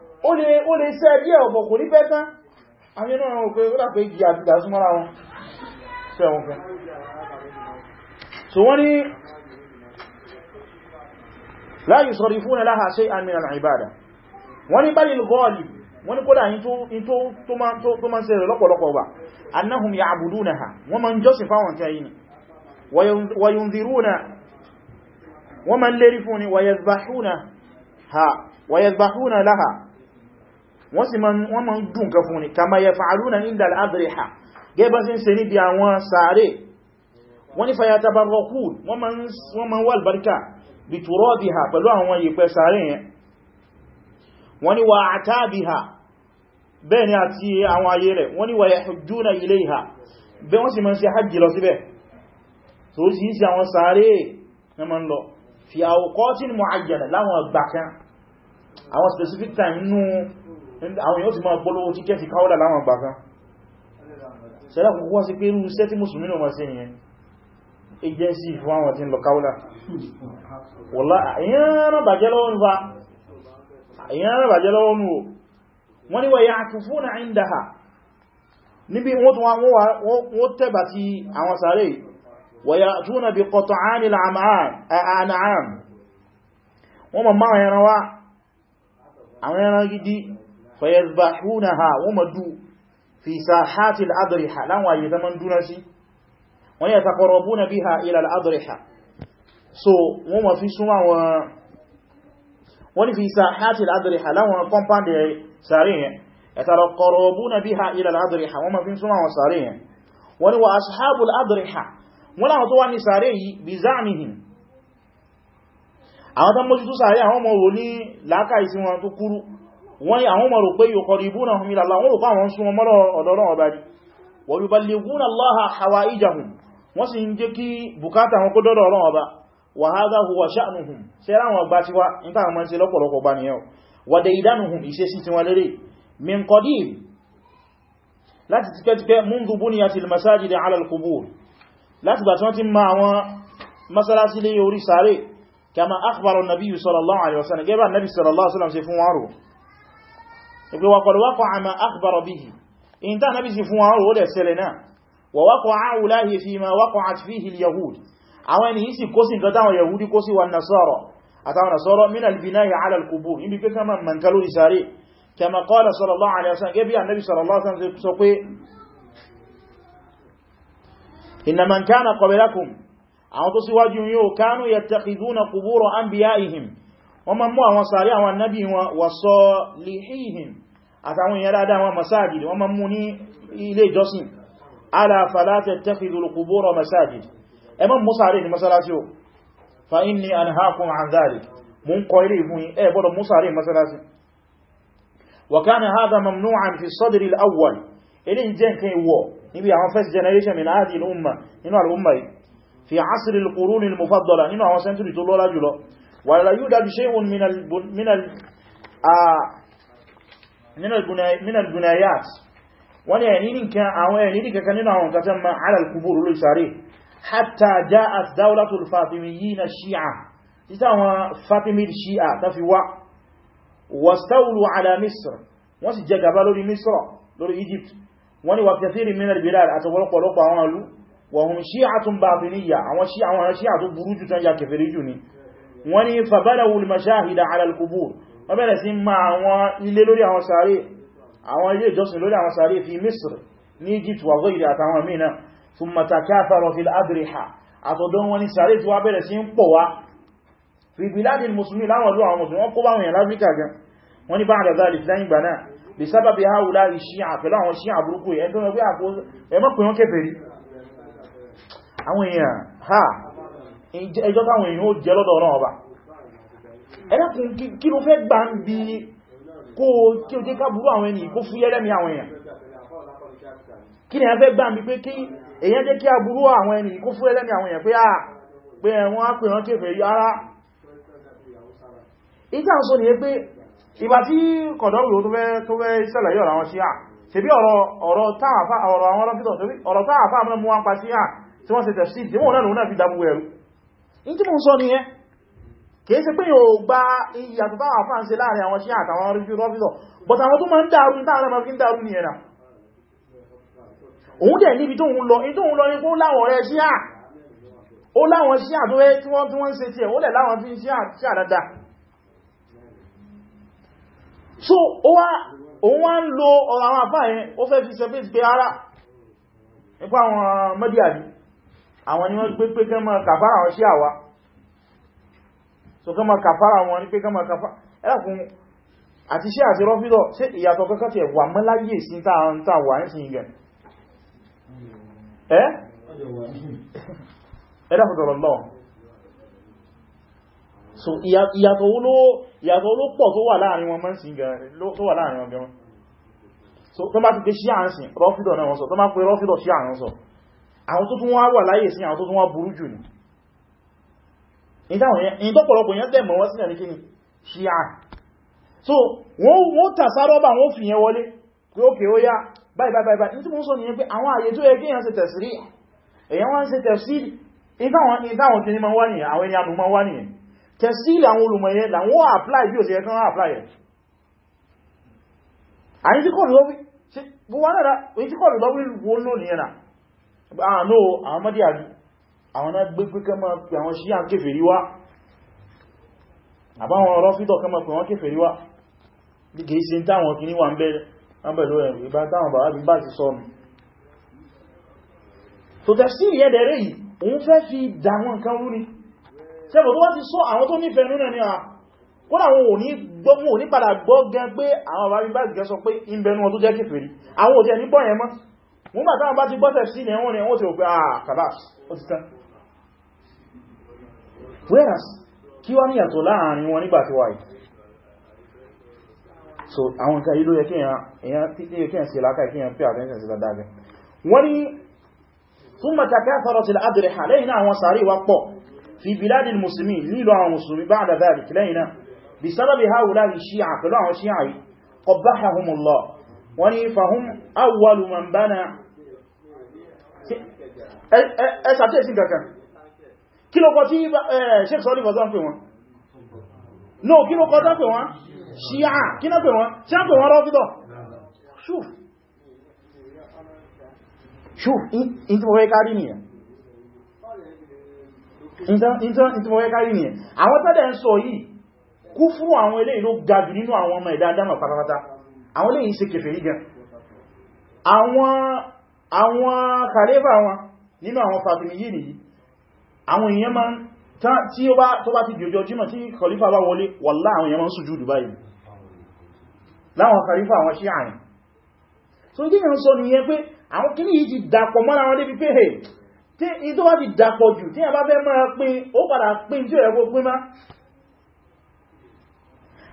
ó lè sẹ́ díẹ̀ ọ̀bọ̀ kò ní pẹ́ tán àwọn inú ó dà pé àti ìdásúnmọ́ra wọn wọn fẹ́ so wọ́n ni la yusarifuna laha shay'an min ibada wọ́n ni balil ghalib wọ́n ni kódà yí tó máa sẹ́rẹ̀ wọ́n sì wọ́n ma ń dùn kan fún ni kama yaf'aluna inda al-adriha gẹ́bà sí ń ṣe níbi àwọn sàárè wọ́n ní fayatabarrakun wọ́n ma ń wà albarka bi turabiha pẹ̀lú àwọn yẹ̀pẹ̀ sàárè yẹn wọ́n ní wa atabiha bẹ́ẹ̀ ni àti àwọn ayé rẹ̀ àwọn èèyàn ti máa polówó tíkẹ́ẹ̀tì káwọ́dà láwọn àgbà kan sẹ́lá wá sí pé irú iṣẹ́ tí mùsùlùmí náà sí agency fún àwọn tí ń lọ káwọ́dà wọ́lá wọ́n ni wọ́n yà àkùfún náà ń dáhà níbi wọ́n tún wọ́n tẹ́bà ti àwọn sàárè wọ̀yà túnà bí kọtọ̀ ánìlà wọ́n máa wá àwọn gidi fayazbahunaha wọ́n ma dú fi sahati al'adriha láwọn àyè zaman dúna sí wọ́n yà taqarrabuna biha ila al'adriha so wọ́n ma fi súnmọ́ wọn wọ́n fi sahati al'adriha láwọn compound sàárì yẹn yà taqarrabuna biha ila al'adriha wọ́n ma fi súnmọ́ wọn sàárì yẹn wọ́n wa ashabu al'adriha wọ́n láwọn wọ́n ni àwọn mọ̀rọ̀ pé yuqarribunahum ila Allah wọ́n rò pàwọn súnmọ́ mọ́rọ̀ ọ̀dọ́rọ̀ ọba ni wa yuballighuna Allaha hawaijahum wọ́n sì ń jẹ́ kí bukata wọn kó dọ́dọ̀ ọ̀rọ̀ ọba wa hadha huwa sha'nuhum sai ran ìpé wákọ̀ waqa'a ma akhbara bihi in ta nabi si fún wa ó dẹ̀ ṣẹlẹ̀ náà wa waqa'a ulahi fi ma waqa'at fihi al-yahud àwọn ẹni yìí sì kó sí nǹkan yahudi kó sí wa nasara àtàwọn nasara min al 'ala al-qubur níbi pé kama sáré kama qala sallallahu alaihi wasallam gẹ́bí sallallahu alaihi wasallam kanu wọ́n ma mú àwọn sàárẹ́ àwọn annabi wọn wàsọ lihihim àtàwọn èèyàn dáadáa wọn masajid wọ́n ma mú ní ilé ìjọsìn ala fala tattakhidhu al-qubura masajid ẹ má mú sàárẹ́ ní masalasi o fa inni anhaakum an dhalik mú ń kọ ilé ìfún yí ẹ gbọ́dọ̀ mú sàárẹ́ masalasi wa kana hadha mamnu'an níbi àwọn first generation min hadhihi al-umma nínú al-umma fi asri al-qurun al nínú àwọn century tó lọ́lá jùlọ ولا يودع شيء من ال من ال من البنايات من البنايات wọ́n yẹ̀ nínú kan àwọn ẹ̀rí ní kankan nínú àwọn kankan ma alalkubur lórí sáré hatta já a dáulatul fatimiyyi na shi'a isa wọn fatimid shi'a ta fi wá wastaulu ala misr wọ́n sì jẹ gaba lórí misr lórí egypt wọ́n ni wa kẹfẹ́rin minar bilal àti wọ́pọ̀lọpọ̀ àwọn alu wọ̀hun shi'a tún batiniyya àwọn shi'a tó burú jù tán ya kẹfẹ́rin jù ni wọ́n ní fàbáláwù al-mashahida ala al-qubur wọ́n bẹ̀rẹ̀ sí ma àwọn ilé lórí àwọn sàárè àwọn ilé ìjọsìn lórí àwọn sàárè fi misr ní egypt wà gọ́ìrì àtàwọn mìíràn thumma takatharu fil adriha àtọ̀dọ̀ wọn ni sàárè tí wá bẹ̀rẹ̀ sí ń pọ̀ wá fi biladi musulmi láwọn lọ àwọn musulmi wọ́n kó báwọn ẹjọ́ táwọn èèyàn ó jẹ lọ́dọ̀ ọ̀rọ̀ ọba ẹlẹ́kùn kí ló fẹ́ gbà ń bí kó kí o jẹ́ káàbùrú àwọn ẹni kó fúyẹ́ lẹ́mí àwọn èèyàn kí ni a fẹ́ gbà ń bí pé kí èèyàn jẹ́ kí àbúrú àwọn ẹni kó fúyẹ́ lẹ́mí àwọn èèyàn pé à ah, pé ẹ̀wọ́n á pè wọ́n kéfẹ̀ yọ ara ìjà ń sọ ni pé ìgbà tí kọ̀dọ̀rù tó fẹ́ ṣẹlẹ̀ yọ̀ àwọn ṣíà tẹ̀bí ọ̀rọ̀ táàfà àwọn ọlọ́fíìtọ̀ tẹ̀bí ọ̀rọ̀ táàfà mọ́ wọn pa ṣíà tí wọ́n ṣe tẹ̀sí tí wọ́n náà lòun náà fi dábú ẹrù ní tí mo ń sọ ní ẹ́ kìí ṣe pé yóò gba ìyàtọ̀ táwọn àfáà láàrin àwọn ṣíyà àtàwọn rífí rọ́fíìsọ̀ but àwọn tó máa ń dàrú ní táwọn ọmọ fi ń dàrú ní ẹ̀nà òun dẹ̀ níbi tó ń lọ ní tó ń lọ ní kó láwọn ọ̀rẹ́ ṣíyà so ó wá òun wá ń lo ọ̀rọ̀ àwọn àfáà yẹn àwọn ni wọ́n gbé pé kán máa kàfàrà wọn sí àwa so kán máa kàfàrà wọn ní pé kán máa kàfàrà ẹlẹ́kùn àti sí àti rọ́fídọ̀ sí ìyàtọ̀ kankan ti ẹ̀wà mọ́láyé sí tàà wà ní sin igẹ̀ ẹ́ ẹ̀dàfẹ́tọ̀rọ̀ lọ so ìyàtọ̀ ló pọ̀ tó wà láàrin wọn mọ́n so tó bá ti pé sí àánsìn rọ́fídọ̀ náà wọ́n sọ tó bá àwọn tó tún wá wà láyé sí àwọn tó tún wá burú jù ní ìtọ́pọ̀lọpọ̀ yẹn tẹ̀mọ̀ wọ́n sílẹ̀ ní kíni ṣíà so wọ́n tàṣárọ́bà wọ́n fi yẹn wọlé pé ókè ó yá báyìí àánú ah, àwọn mọ́dí àbí àwọn náà gbé pín kẹ́mọ́ pé àwọn ṣíyà ń kéfèrí wá àbáwọn ọ̀rọ̀ fídọ̀ kẹ́mọ́ pé wọ́n kéfèrí wá bí kìí sí táwọn kìí wà ń bẹ̀rẹ̀ lórí ìbá táwọn bàbá bí bá ti sọ́nù tó tẹ̀síìrì ẹ̀dẹ̀rẹ̀ yìí òun fẹ́ fi dáwọn nǹkan rú ni sẹ́bọ̀ tó wá ti sọ àwọn tó nífẹ̀ẹ́ nínú ni a ah, kódà wọn ò ní gbọ́gbọ́n ò ní padà gbọ́ gan pé àwọn bàbá bí bá ti gẹ́ sọ pé ìbẹnu ọdún jẹ́ kéfèrí àwọn òtẹ́ ní bọ́ yẹn mọ́ wọ́n bá táwọn bá ti gbọ́tẹ̀ sí ní ẹ̀wọ̀n ni wọ́n ti rò pé àà ah, kàbás ó ti tán whereas kí wá ní yàtọ̀ láàrin wọn nígbà tí wáyé so àwọn nǹkan yìí ló yẹ kíyàn sí lákàá kíyàn pay attention sí dáadáa wọ́n ni thumma takatharat al-adriha lẹ́yìn náà àwọn sàárè wá pọ̀ fi biladil musulmi nílò àwọn musulmi ba'da dhalik lẹ́yìn náà wọ́n ní fahum awwalu man bana ẹsà tí èsì kankan kí ló kọ tí sheik sọ́lì fọ́sán pè wọ́n no kí ló kọ tán pè wọ́n ṣíà kí ná pè wọ́n tí á pè wọ́n rọ́fídọ̀ ṣùf ṣùf in nìyẹn kú fún àwọn eléyìí ló gajù nínú àwọn ọmọ ẹ̀dá dámà pátápátá àwọn lè yí ṣe kèfèrí gan àwọn kàlẹ́fà wọn nínú àwọn Fàtímì yìí nìyí àwọn èèyàn ma tí ó bá ti jòjò jímọ̀ tí kọlífà bá wọlé wàllá àwọn èèyàn ma ń sùjúdù báyìí láwọn kàlífà àwọn sí àrìn so ìdí yàn sọ nìyẹn pé àwọn kìí yìí ti dàpọ̀ mọ́ra wọn débi pé hè tí ìdó bá ti dàpọ̀ jù tí a bá fẹ́ mọ́ra pín ó padà pín tí ó yẹ pín má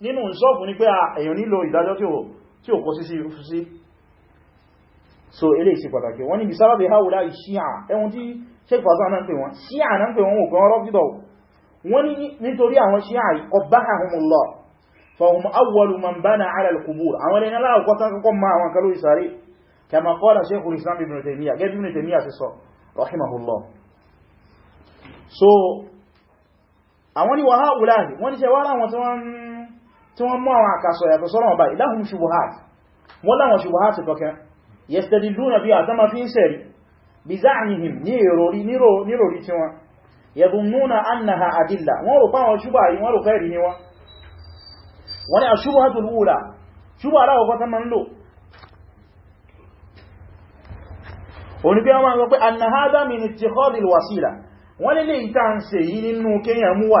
nínú ìṣọ́fún ní pé ah, èyàn nílò ìdájọ́ tí ó kó sí sí so ilé ìṣe pàtàkì wọ́n ni bí sábàbí haúlá ìṣíà ẹwọ́n tí sheik fasa náà pè wọ́n síà náà pè wọ́n òkan rọ́fídọ̀ wọ́n ni nítorí àwọn síà qabbahahumullah fahum awwalu man bana ala al-qubur àwọn ẹni aláàkọ́ tán kọ́kọ́ ma àwọn kaló ìsàrí kama qala sheikhul so àwọn ni wà haúlá wọ́n ni ṣe wá láwọn tí wọ́n tí wọ́n mọ́ àwọn àkàsọ̀ yàtọ̀ sọ́rọ̀ ọba ìlàhùn ṣubuhat wọ́n láwọn ṣubuhat kọ̀kẹ́ yastadilluna bí àtọ́mà fi ń sẹ̀rí bí záàmìhìm ní ìròrí tí wọ́n yadhunnuna annaha adilla wọ́n rò páwọn ṣubá yìí wọ́n rò kẹ́rì ní wọ́n wọ́n ni a ṣubuhatul ula ṣubá aláwọ̀kọ́ ta máa ń lò òní bí wọ́n máa ń gbọ́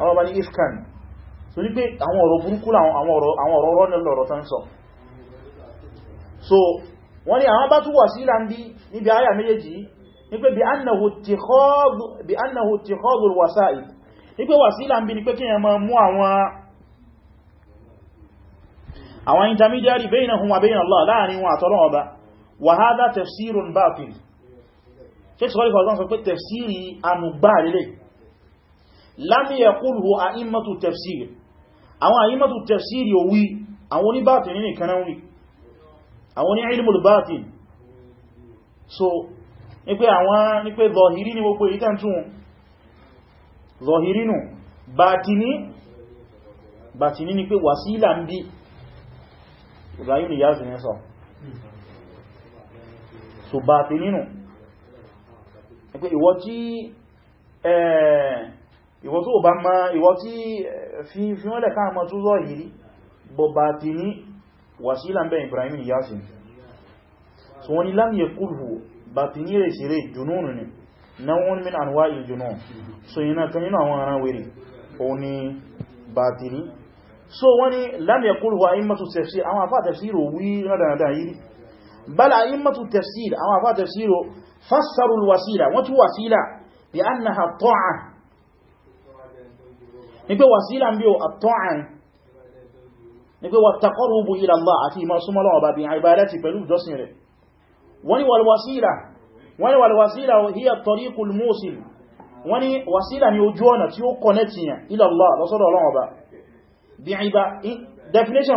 àwọn ọba ní ifkan so ní pé àwọn ọ̀rọ̀ burúkú àwọn ọ̀rọ̀ rọ́nà lọ́rọ̀ tán sọ so wọ́n ni àwọn bá túwọ̀ sí ìlànbí níbi ayà méjèèjì ní pé bí annahu tikhadul wasa'id ní pé wà sí ìlànbí ní pé kí ẹmọ mú àwọn intermediary bainahum wa bain Allah láàrin wọn àtọ́lọ́ ọba wa hadha tafsirun batil Sheikh lam yaqulhu a'immatu tafsir àwọn a'immatu tafsir ó wí àwọn ni batin ni kan wí àwọn ni ilmul batin so ní pé àwọn ní pé zahiri ni gbogbo ìtàn tún zahiri nù batini batini ni pé wasila ń bí Ibrahim ni yáàzù ní sọ so batini nù ní pé ìwọ eh, ìwọ tó bá ma ìwọ tí eh, fi fi wọ́n lẹ̀ káàmà tó zọ yìí bọ̀bá ti ní wàsílà ń bẹ Ibrahim Yasin so wọ́n ni lam yaqulhu bá ti ní rẹ̀ ṣeré jùnúnù ni na wọ́n min anwa'il junun so yana kan nínú àwọn ara wèrè o bá ti ní so wọ́n ni lam yaqulhu a'immatu tafsir àwọn afá tafsiro wí rádàdà yìí bal a'immatu tafsir àwọn afá tafsiro fassaru wasila wọ́n tú wasila bi annaha ta'a ní pé wàsílà ń bí o àtọ́àn ní pé wàtàkọ́rùbù ila Allah àti ìmọ̀ súnmọ́lọ́ ọba bí àìbáyàtì pẹ̀lú ìjọsìn rẹ̀ wọ́n ni wàlwàsílà wọ́n ni wàlwàsílà hiya tariqul musil wọ́n ni wàsílà ni ojú ọ̀nà tí ó kọ́nẹ̀tì yàn ila Allah lọ́sọ́dọ̀ Ọlọ́run ọba bí àìbá definition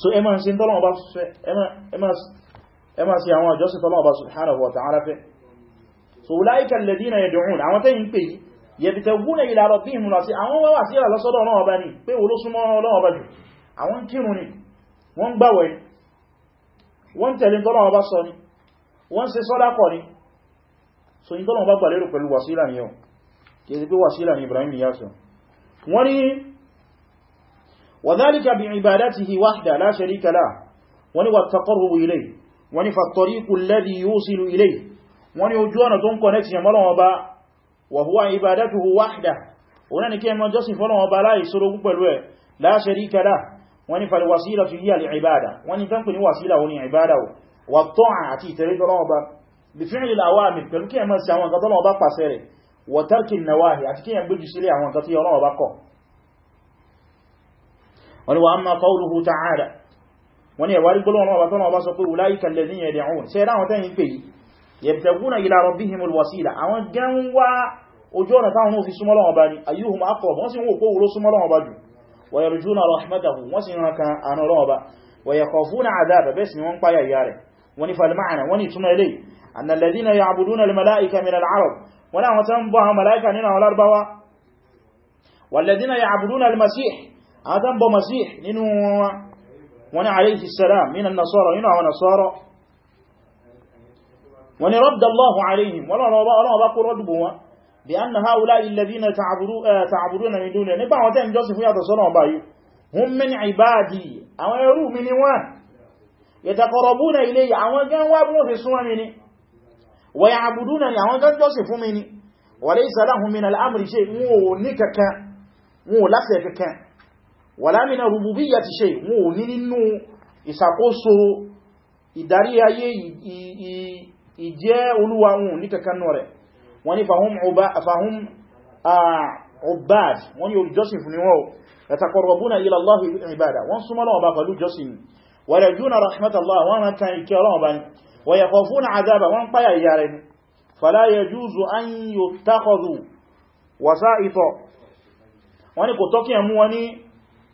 so ẹ máa ṣe tọ́lọ́wọ́ bá fẹ́ ẹ máa ṣe àwọn àjọsìn tọ́lọ́wọ́ bá subhanahu wa ta'ala fẹ́ so ulaika alladhina yad'un àwọn tẹ́yìn pè yí yabtaguna ila rabbihim munasi àwọn wá wà sí ìrànlọ́sọ́dọ̀ Ọlọ́run Ọba ní àwọn kírun sí pé wasila وذلك بعبادته وحده لا شريك له وني والتقرب إليه وني فالطريق الذي يوصل إليه وني وجوانا تنكو نتيا ملوما با وهو عبادته وحده ونني كيما جسي فلوما با لا يسرق لا شريك له وني فالوسيلة هي العبادة وني تنكو وسيلة وني عبادة والطاعة أتي تريد لوما با بفعل الأوامر كيما سيما قد لوما با قسره وترك النواهي أتي كيما بجسي لها وانكتي لوما با قو wọ́n ni wà amma qawluhu ta'ala wọ́n ni ẹ̀wà rí gbọ́lọ́wọ́n ọba tọ́nà ọba sọ pé ulaika alladhina yad'un ṣe ráwọn tẹ́yìn pé yabtaguna ila rabbihimul wasila àwọn gan wá ojú ọ̀nà táwọn ó súnmọ́ Ọlọ́run ọba ni ayyuhum aqrab sì ń àwọn lárbawa walladhina ya'buduna al àtàbọ̀ masih nínú wọn ni alayhi salam minan nasara nínú àwọn nasara wọn ni radda Allahu alayhim wọ́n bá kó rọ́dùbù wọn bí an na haula alladhina ta'buduna min dunihi nípa àwọn tẹ́ ń jọ́sìn fún yàtọ̀ sọ́nà ọba yìí hum min ibadi àwọn ẹrú mi ni wọ́n ilayya àwọn gan wá bí fi súnmọ́ ni wa ya'budunani àwọn gan jọ́sìn fún mi ni wa laysa lahum min al-amri shay' wọn ò ní kankan wọn wala min rububiyyati shay wọn ò ní nínú ìṣàkóso ìdarí ayé ìjẹ́ olúwa wọn ní kankan rẹ̀ wọ́n ní fahum ubad wọ́n ní olùjọ́sìn fún níwọ̀n yataqarrabuna ila Allahi ibada wọ́n súnmọ́ lọ́wọ́ bá pẹ̀lú jọ́sìn wa yarjuna rahmatallah wọ́n rán kan ìkẹ́ ọlọ́wọ́ bá ní wa yakhafuna adhaba wọ́n páyà ni kò tọ́kí ẹmú wọn ní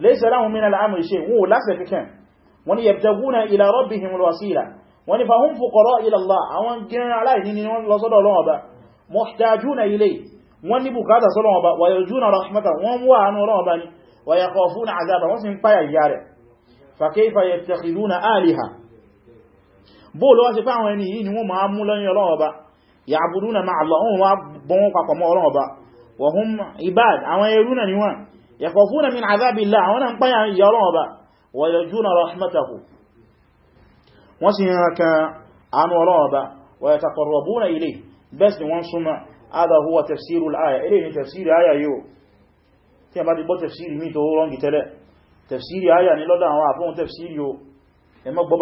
ليس لهم من الأمر شيء هو لا سككان وان يبتغون إلى ربهم الوسيلة وان فهم فقراء إلى الله وان جنان عليه نين الله لصد الله با محتاجون إليه وان بكاتا صلى الله با ويرجون رحمته وان وعن رابا ويخافون عذابا وان فيا يارع فكيف يتخذون آلهة بولو أسفا وانيين وما أمولا يلابا يعبدون مع الله وما بموقع الله، رابا وهم عباد أما يرون نيوان yakhafuna min adhabillah àwọn ń páyà ìyà Ọlọ́run Ọba wa yarjuna rahmatahu wọ́n sì yàn kan àánú Ọlọ́run Ọba wa yataqarrabuna ilayhi bẹ́ẹ̀ ni wọ́n súnmọ́ hadha huwa tafsirul aya ilé ni tafsiri aya yóò tí a bá ti gbọ́ tafsiri mi tó rọ́ngi tẹ́lẹ̀ tafsiri aya ni lọ́dọ̀ àwọn àfọ́n tafsiri yóò ẹmọ́ gbọ́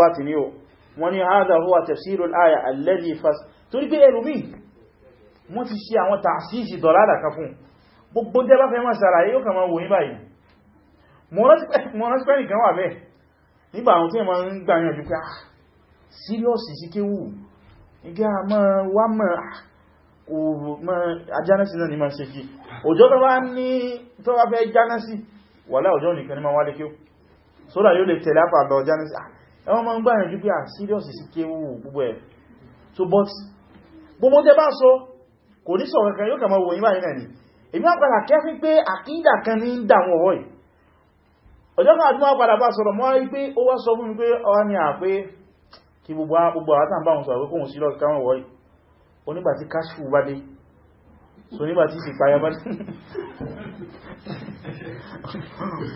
bá gbogbo jẹ́ bá fẹ́ máa ṣàlàyé yóò kàn máa wòyí báyìí mọ́ránṣẹ́ nìkan wà bẹ́ẹ̀ nígbà àwọn tí ẹ ma ń gbàyàn jù pé ah síríọ́sì sí kéwù igá máa wá mọ́ ah, ajánásí náà ni máa ṣe kí òjò tó bá ní tó bá fẹ́ jánásí wà láà òjò nìkan ní máa wálé kéwù sódà yóò lè tẹ̀lé àpàdà jánásí ah, ń jù pé ah, sí gbogbo ẹ̀ so gbogbo bá sọ kò ní sọ̀rọ̀ kan yóò kà èmi àpàdà kẹ́ sí pé àkídà kan ní dàwọn ọwọ́ yìí ọjọ́ kan àti wọ́n padà bá sọ̀rọ̀ mọ́ rí pé ó wá sọ fún mi pé ọwá ni à pé kí gbogbo àwátàn bá wọn sọ̀rọ̀ pé kóhun sí lọ́ọ̀kì káwọn wọ́ yìí onígbà tí káṣfù bá dé so nígbà tí ìsìnkáyà bá dé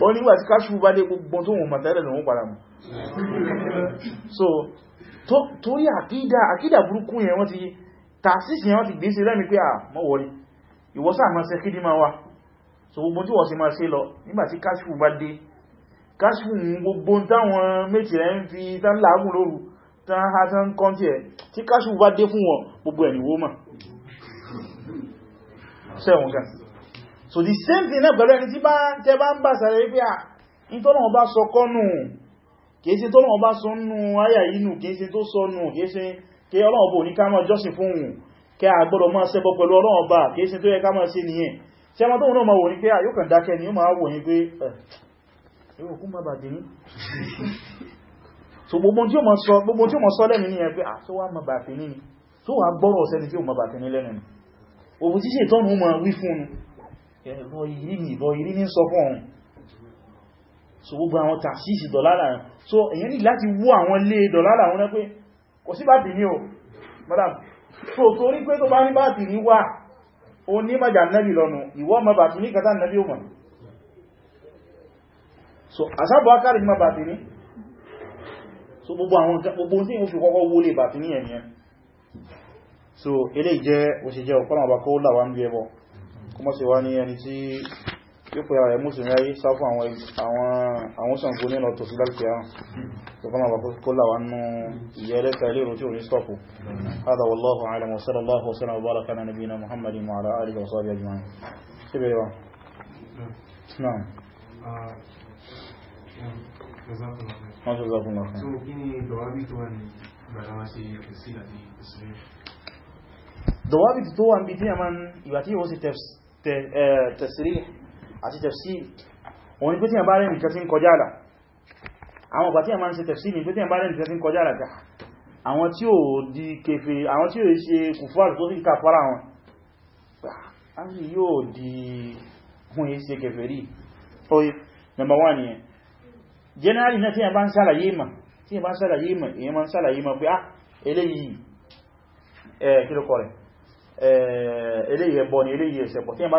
onígbà tí káṣfù bá dé gbogbo tó wọn mọ̀tẹ́lẹ̀ lòun padà mọ̀ so torí àkídà àkídà burúkú yẹn wọ́n ti tàṣíṣì yẹn wọ́n ti gbé sí rẹ́mi pé à mọ́ wọ́rí ìwọ́sà máa ṣe kídí máa wá so gbogbo tí wọ́n sì máa ṣe lọ nígbàtí káṣfù bá dé káṣfù gbogbo táwọn méjì rẹ̀ ń fi tán láàgùn lóru tán ha tán kọ́ntí ẹ̀ tí káṣfù bá dé fún wọn gbogbo ẹ̀ni wó mà sẹ́wọ̀n gan so the same thing náà pẹ̀lú ẹni tí bá tẹ́ bá ń bà sàrẹ̀ pé à ń tọ́nà ọba sọ kọ́nù kìí ṣe tọ́nà ọba sọ nù ayà yìí nù kìí ṣe tó sọ nù kìí ṣe kí ọlọ́ọ̀bọ̀ ní ká mọ́ jọ́sìn fún òun kí a gbọ́dọ̀ máa ṣẹbọ pẹ̀lú Ọlọ́run bá kìí ṣe tó yẹ ká máa ṣe nìyẹn tí a máa tóhun náà máa wò ní pé a yóò kàn dákẹ́ ni ó máa wò ní pé eh, ẹ̀rọ kú máa bà dì ní so gbogbo tí ó máa sọ lẹ́nu ni òbú ah, tí ni ìbọ̀ ìrí ní sọ fún ọ̀hún so gbogbo àwọn tàṣíṣì dọ̀lálà so èyàn ní láti wú àwọn o madam so torí pé tó bá ní bá ti rí wà ó ní mọ̀jà nẹ́bì lọ́nu ìwọ ma bàtí ní kàtà nẹ́bì ó mọ̀ so asábọ̀ akárí ma bàtí ní so gbogbo àwọn gbogbo tí mo fi kọ́kọ́ wó lè bàtí ní ẹ̀mí so ilé jẹ́ òṣìṣẹ́ ọ̀pọ̀lọpọ̀ kó láwá ń bí ẹbọ kó mọ́ sí wá ní ẹni tí yóò pẹ̀lú àwọn mùsùlùmí ayé sáfún àwọn sàǹkó ní lọ́tọ̀ sí lálùkẹ́ àrùn tó kọ́nà bá kó láwá nú ìyẹ́ ẹlẹ́ta ilé ìrò tí ò ní stọ́pù hádà wallahu a'lam wa sallallahu wa sallam wa baraka ala nabiyyina muhammadin wa ala alihi wa sahbihi ajma'in ṣe bẹ̀rẹ̀ wa tó wà ń bí tí a máa ìgbà tí ó sì eh, tẹ̀sírí àti tafsir òun ni pé tí a bá rẹ̀ nìkan tí ń kọjá àlà àwọn ọ̀pá tí a máa ń ṣe tafsir ni tí a bá rẹ̀ nìkan tí ń kọjá àlà ká àwọn tí ó di kèfè àwọn tí ó ṣe kùfàrù tó fi kàfàrà wọn àwọn yóò di hun ṣe kèfè rí oye number one yẹn generally náà tí a bá ń sàlàyé mà tí a bá ń sàlàyé mà èyàn máa ń sàlàyé mà pé ah eléyìí ẹ̀ kí ló kọ̀ rẹ̀ eléyìí ẹbọ ni eléyìí ẹ̀ṣẹ̀bọ̀ tí a bá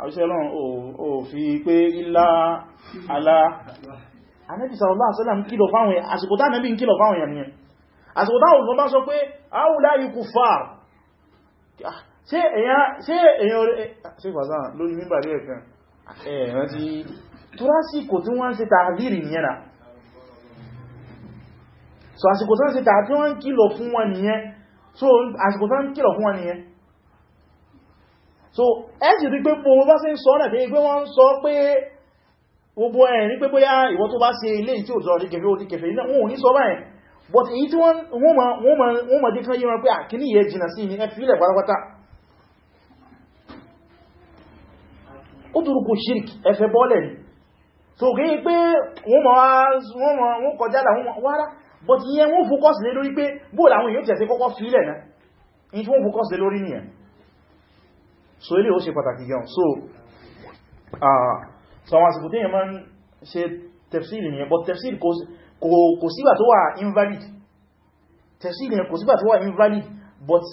àwíṣẹ́lọ́n ò fi pé ilá alá anẹ́bì sallallahu alaihi wasallam kílọ̀ fáwọn àsìkò tá anẹ́bì ń kílọ̀ fáwọn èèyàn nìyẹn àsìkò tá òun bá sọ pé áwùlá ikú fàr ṣe èèyàn ṣe fàzán lórí ṣe so àsìkò tán ṣe tààdìrì wọ́n kílọ̀ so àsìkò tán kílọ̀ so ẹ́sì rí pé gbogbo bá sí ń sọ ọ̀nà tí pé wọ́n ń sọ pé gbogbo ẹ̀rin pé bóyá ìwọ tó bá ṣe ilé tí ò sọ ní kẹfẹ́ ó ní kẹfẹ́ iná wọn ò ní sọ báyìí but èyí tí wọ́n mọ̀ díkan yíran pé àkíní yẹ jìnà sí ní ẹfì ilẹ̀ pátápátá ó dúrùkù shirk ẹfẹ́ bọ́ọ̀lẹ̀ ni so kí ní pé wọ́n mọ̀ kọjá làwọn but ìyẹn wọ́n focus lé lórí pé bóòlà àwọn èèyàn tẹ̀sẹ̀ kọ́kọ́ so ilé ó ṣe pàtàkì gan so àwọn àsìkò tí yẹn máa ń ṣe tefsiri nìyẹn but tefsiri kò sígbà tó wà invalid tefsiri kò sígbà tó wà invalid but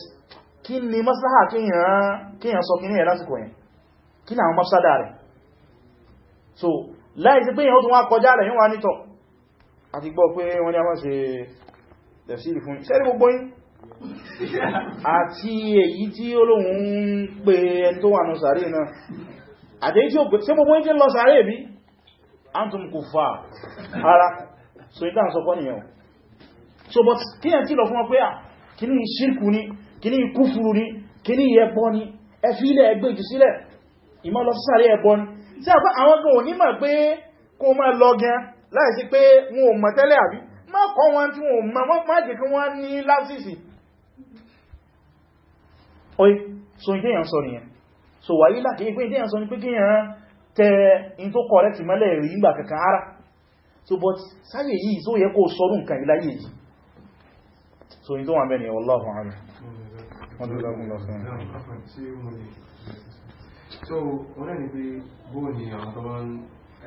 kí ni maslaha kíyàn sọ kí ní ẹ̀ lásìkò yẹn kí ní àwọn mafsada rẹ̀ so láì sí pé yẹn ó tún wá kọjá rẹ̀ yíwá nítọ̀ àti gbọ́ pé wọ́n ni a máa ṣe tefsiri fún ìṣẹ́rí gbogbo yìí àti èyí tí olóhun ń pè ẹni tó wà ní sàárè náà àti èyí tí ó pè tí gbogbo ń jẹ́ lọ sàárè bí antum kò fà ara so ìtàn sọ fọ́ nìyàn so but kí ẹ̀ tí lọ fún wọn pé à kí ní ṣírkù ní kí ní kúfùrù ní kí ní ẹbọ ní ẹfí ilẹ̀ ẹgbẹ́ jù sílẹ̀ ìmọ́ lọ sàárè ẹbọ ní tí a bá àwọn gan ò ní mọ̀ pé kó máa lọ gan láìsí pé wọn ò mọ̀ tẹ́lẹ̀ àbí má kọ́ wọn tí wọn ò mọ̀ má jẹ́ kí wọ́n ní lásìsì oye so ìdí èyàn sọ nìyẹn so wà yílá kìí pé ìdí èyàn sọ ní pé kí èyàn tẹ in tó correct mẹ́lẹ̀ rí ìgbà kankan ara so but sáyẹ̀ yìí tó yẹ kó sọrún nǹkan ìláyé yìí so in tó wà mẹ́rin wallahu a'lam so wọ́n náà ni pé bóò ni àwọn tọ́wọ́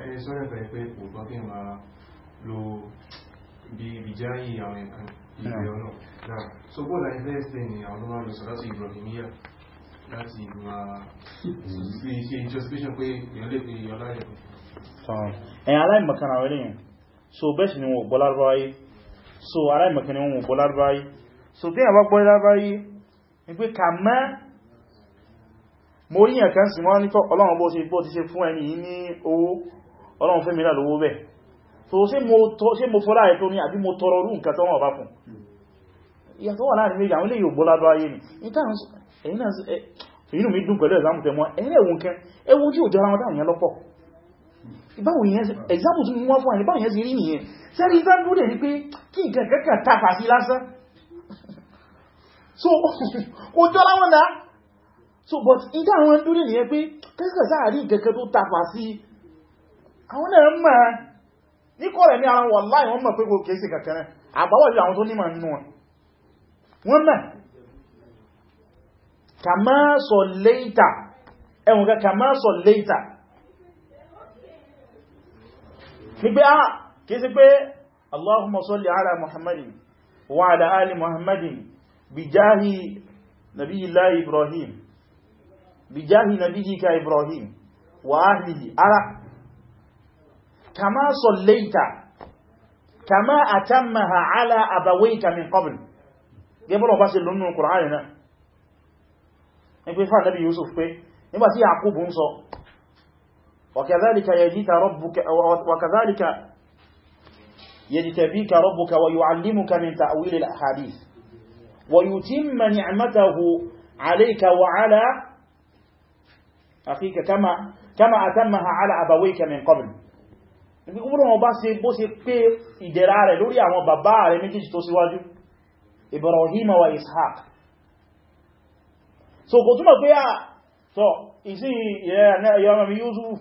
ẹni sọ́rọ̀ ẹ̀fẹ́ pé òtọ́ kí n máa lo bí ìjáyìn àwọn ẹ̀kan ìgbẹ̀ ọ̀nà náà sopọ̀ láì fẹ́ ṣe ní àwọn ọmọ ìṣọ́ láti ìrọ̀lẹ́míyà láti máa ṣe introspection pé èyàn lè fi ọláyẹ̀ ẹ̀yàn aláìmọ̀kaná rẹ̀ yẹn so bẹ́ẹ̀ṣì ni wọ́n gbọ́ lárúbáyé so aláìmọ̀kaná wọ́n gbọ́ lárúbáyé so bí àwọn gbọ́ lárúbáyé ni pé kà mẹ́ mo rí yàn kan sí wọ́n ní ọlọ́run bó ti bó ti ṣe fún ẹni ní owó ọlọ́run fẹ́ mi lá lówó bẹ́ẹ̀ so ṣé mo fọ́lá ẹ̀ tó ní àbí mo tọrọ rú nǹkan tọ́wọ́n ọba fún hmm ìyàtọ̀ wà láàrin méjì àwọn ilé yóò gbọ́lábá ayé ni inú mi dùn pẹ̀lú ẹ̀zámù tẹ̀mọ́ ẹ̀rẹ̀wùn kẹ ẹwùn tí ò jọra wọn dáwọn yẹn lọ́pọ̀ ìbáwọn yẹn ẹ̀zámù tí wọ́n fún àìbáwọn yẹn sí rí nìyẹn sẹ́rí ìfẹ́ dúró dẹ̀ ní pé kí ìkẹ̀kẹ́kẹ́ tàfà sí lásán so ó jọra wọn dá so but ìdá wọn dúró nìyẹn pé kẹ́kẹ́ sáàrí ìkẹ́kẹ́ tó tàfà sí àwọn náà mọ̀ ní kọ́rẹ̀ ní ara wọ̀láì wọ́n mọ̀ pé kò kéèsì kẹ̀kẹ́rẹ́ àbáwọ̀ wọ́n mẹ́ kàmá sọ léìtà ẹ̀wọ̀n ká kàmá sọ léìtà ní pé ah kìí sí pé allahumma salli ala muhammadin wa ala ali muhammadin bijahi nabiyillahi ibrahim bijahi nabiyika ibrahim wa ahlihi ara kàmá sọ léìtà kàmá atammaha ala min qabl gẹ́bọ́lọ̀ bá ṣe lọ nínú Kùránì náà nígbé fà nábi Yusuf pé nígbàtí Yakubu ń sọ wakazalika yajtabika rọ́bùkà wa yu'allimuka min ta'wil al-ahadith wa tí yutimma ni'matahu 'alayka wa 'ala àfíkà kama a tán maha 'ala abawayka min qabl nígbé kúrò wọn bá ṣe bó ṣe pé ìdẹ̀ra rẹ̀ lórí àwọn bàbá rẹ̀ méjì tó síwájú Ibrahim wa Ishaq so kò túnmọ̀ pé à sọ ìsí ìyọ́mọ̀ mi Yusuf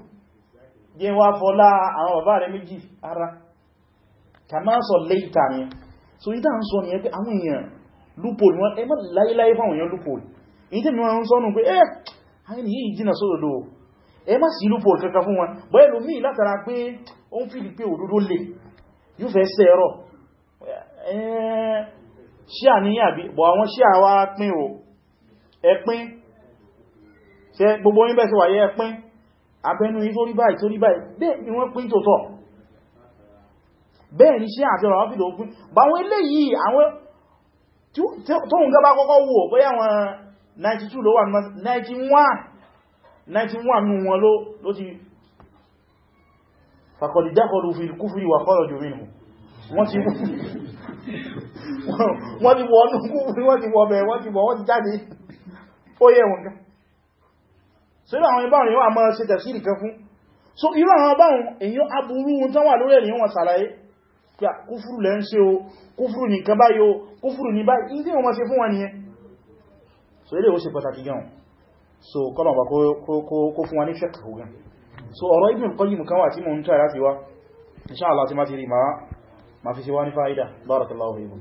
jẹ́ wá fọ́lá àwọn bàbá rẹ̀ méjì ara kàmá sọ ni so ìdá ń sọ ni ẹ àwọn èèyàn lúpòlì wọn ẹ mọ́ láíláí fáwọn èèyàn lúpòlì èyí tí wọ́n ń sọ́nù pé ẹ́ eh, àyìn yìí jìnà sódòdó ẹ má sí lúpòlì kankan fún wọn bọ́ẹ̀lú míì látara pé ó ń fìdí pé lè ṣíà ní àbí bọ̀ àwọn ṣíà wá pín o ẹpín ṣe gbogbo yín bẹ́ẹ̀ sí wáyé ẹpín abẹnú yí tó rí báyìí tó rí báyìí bẹ́ẹ̀ ni wọ́n pín tòótọ́ bẹ́ẹ̀ ni ṣíà àti ọ̀rọ̀ fìdó pín bá wọn eléyìí àwọn tóhun gẹ́bá kọ́kọ́ wò bóyá wọn 92 ló wà 91 91 nù wọn ló ti fàkọ̀dìjákọ̀lù fi kúfùrí wà kọ́rọ̀ jù mí nù wọ́n ti wọ́n ti wọ́n wọ́n ti jáde ó yẹ so irú àwọn ibáwọn èyàn aburú tán wà lórí ẹ̀yìn wọn sàlàyé pé kúfúrú lẹ́ ń ṣe o kúfúrú ní kan báyìí kúfúrú ní báyìí ní wọ́n ṣe fún wọn nìyẹn so ilé ó ṣe pàtàkì gan so kọ́lọ̀ kó fún wa ní ما في سواني فائدة بارك الله فيكم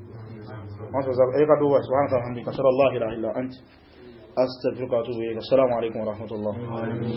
ما شاء الله أيها الدواء سبحانك وتعالى الحمد لله الله لا إله إلا أنت أستغفرك وأتوب إليك السلام عليكم ورحمة الله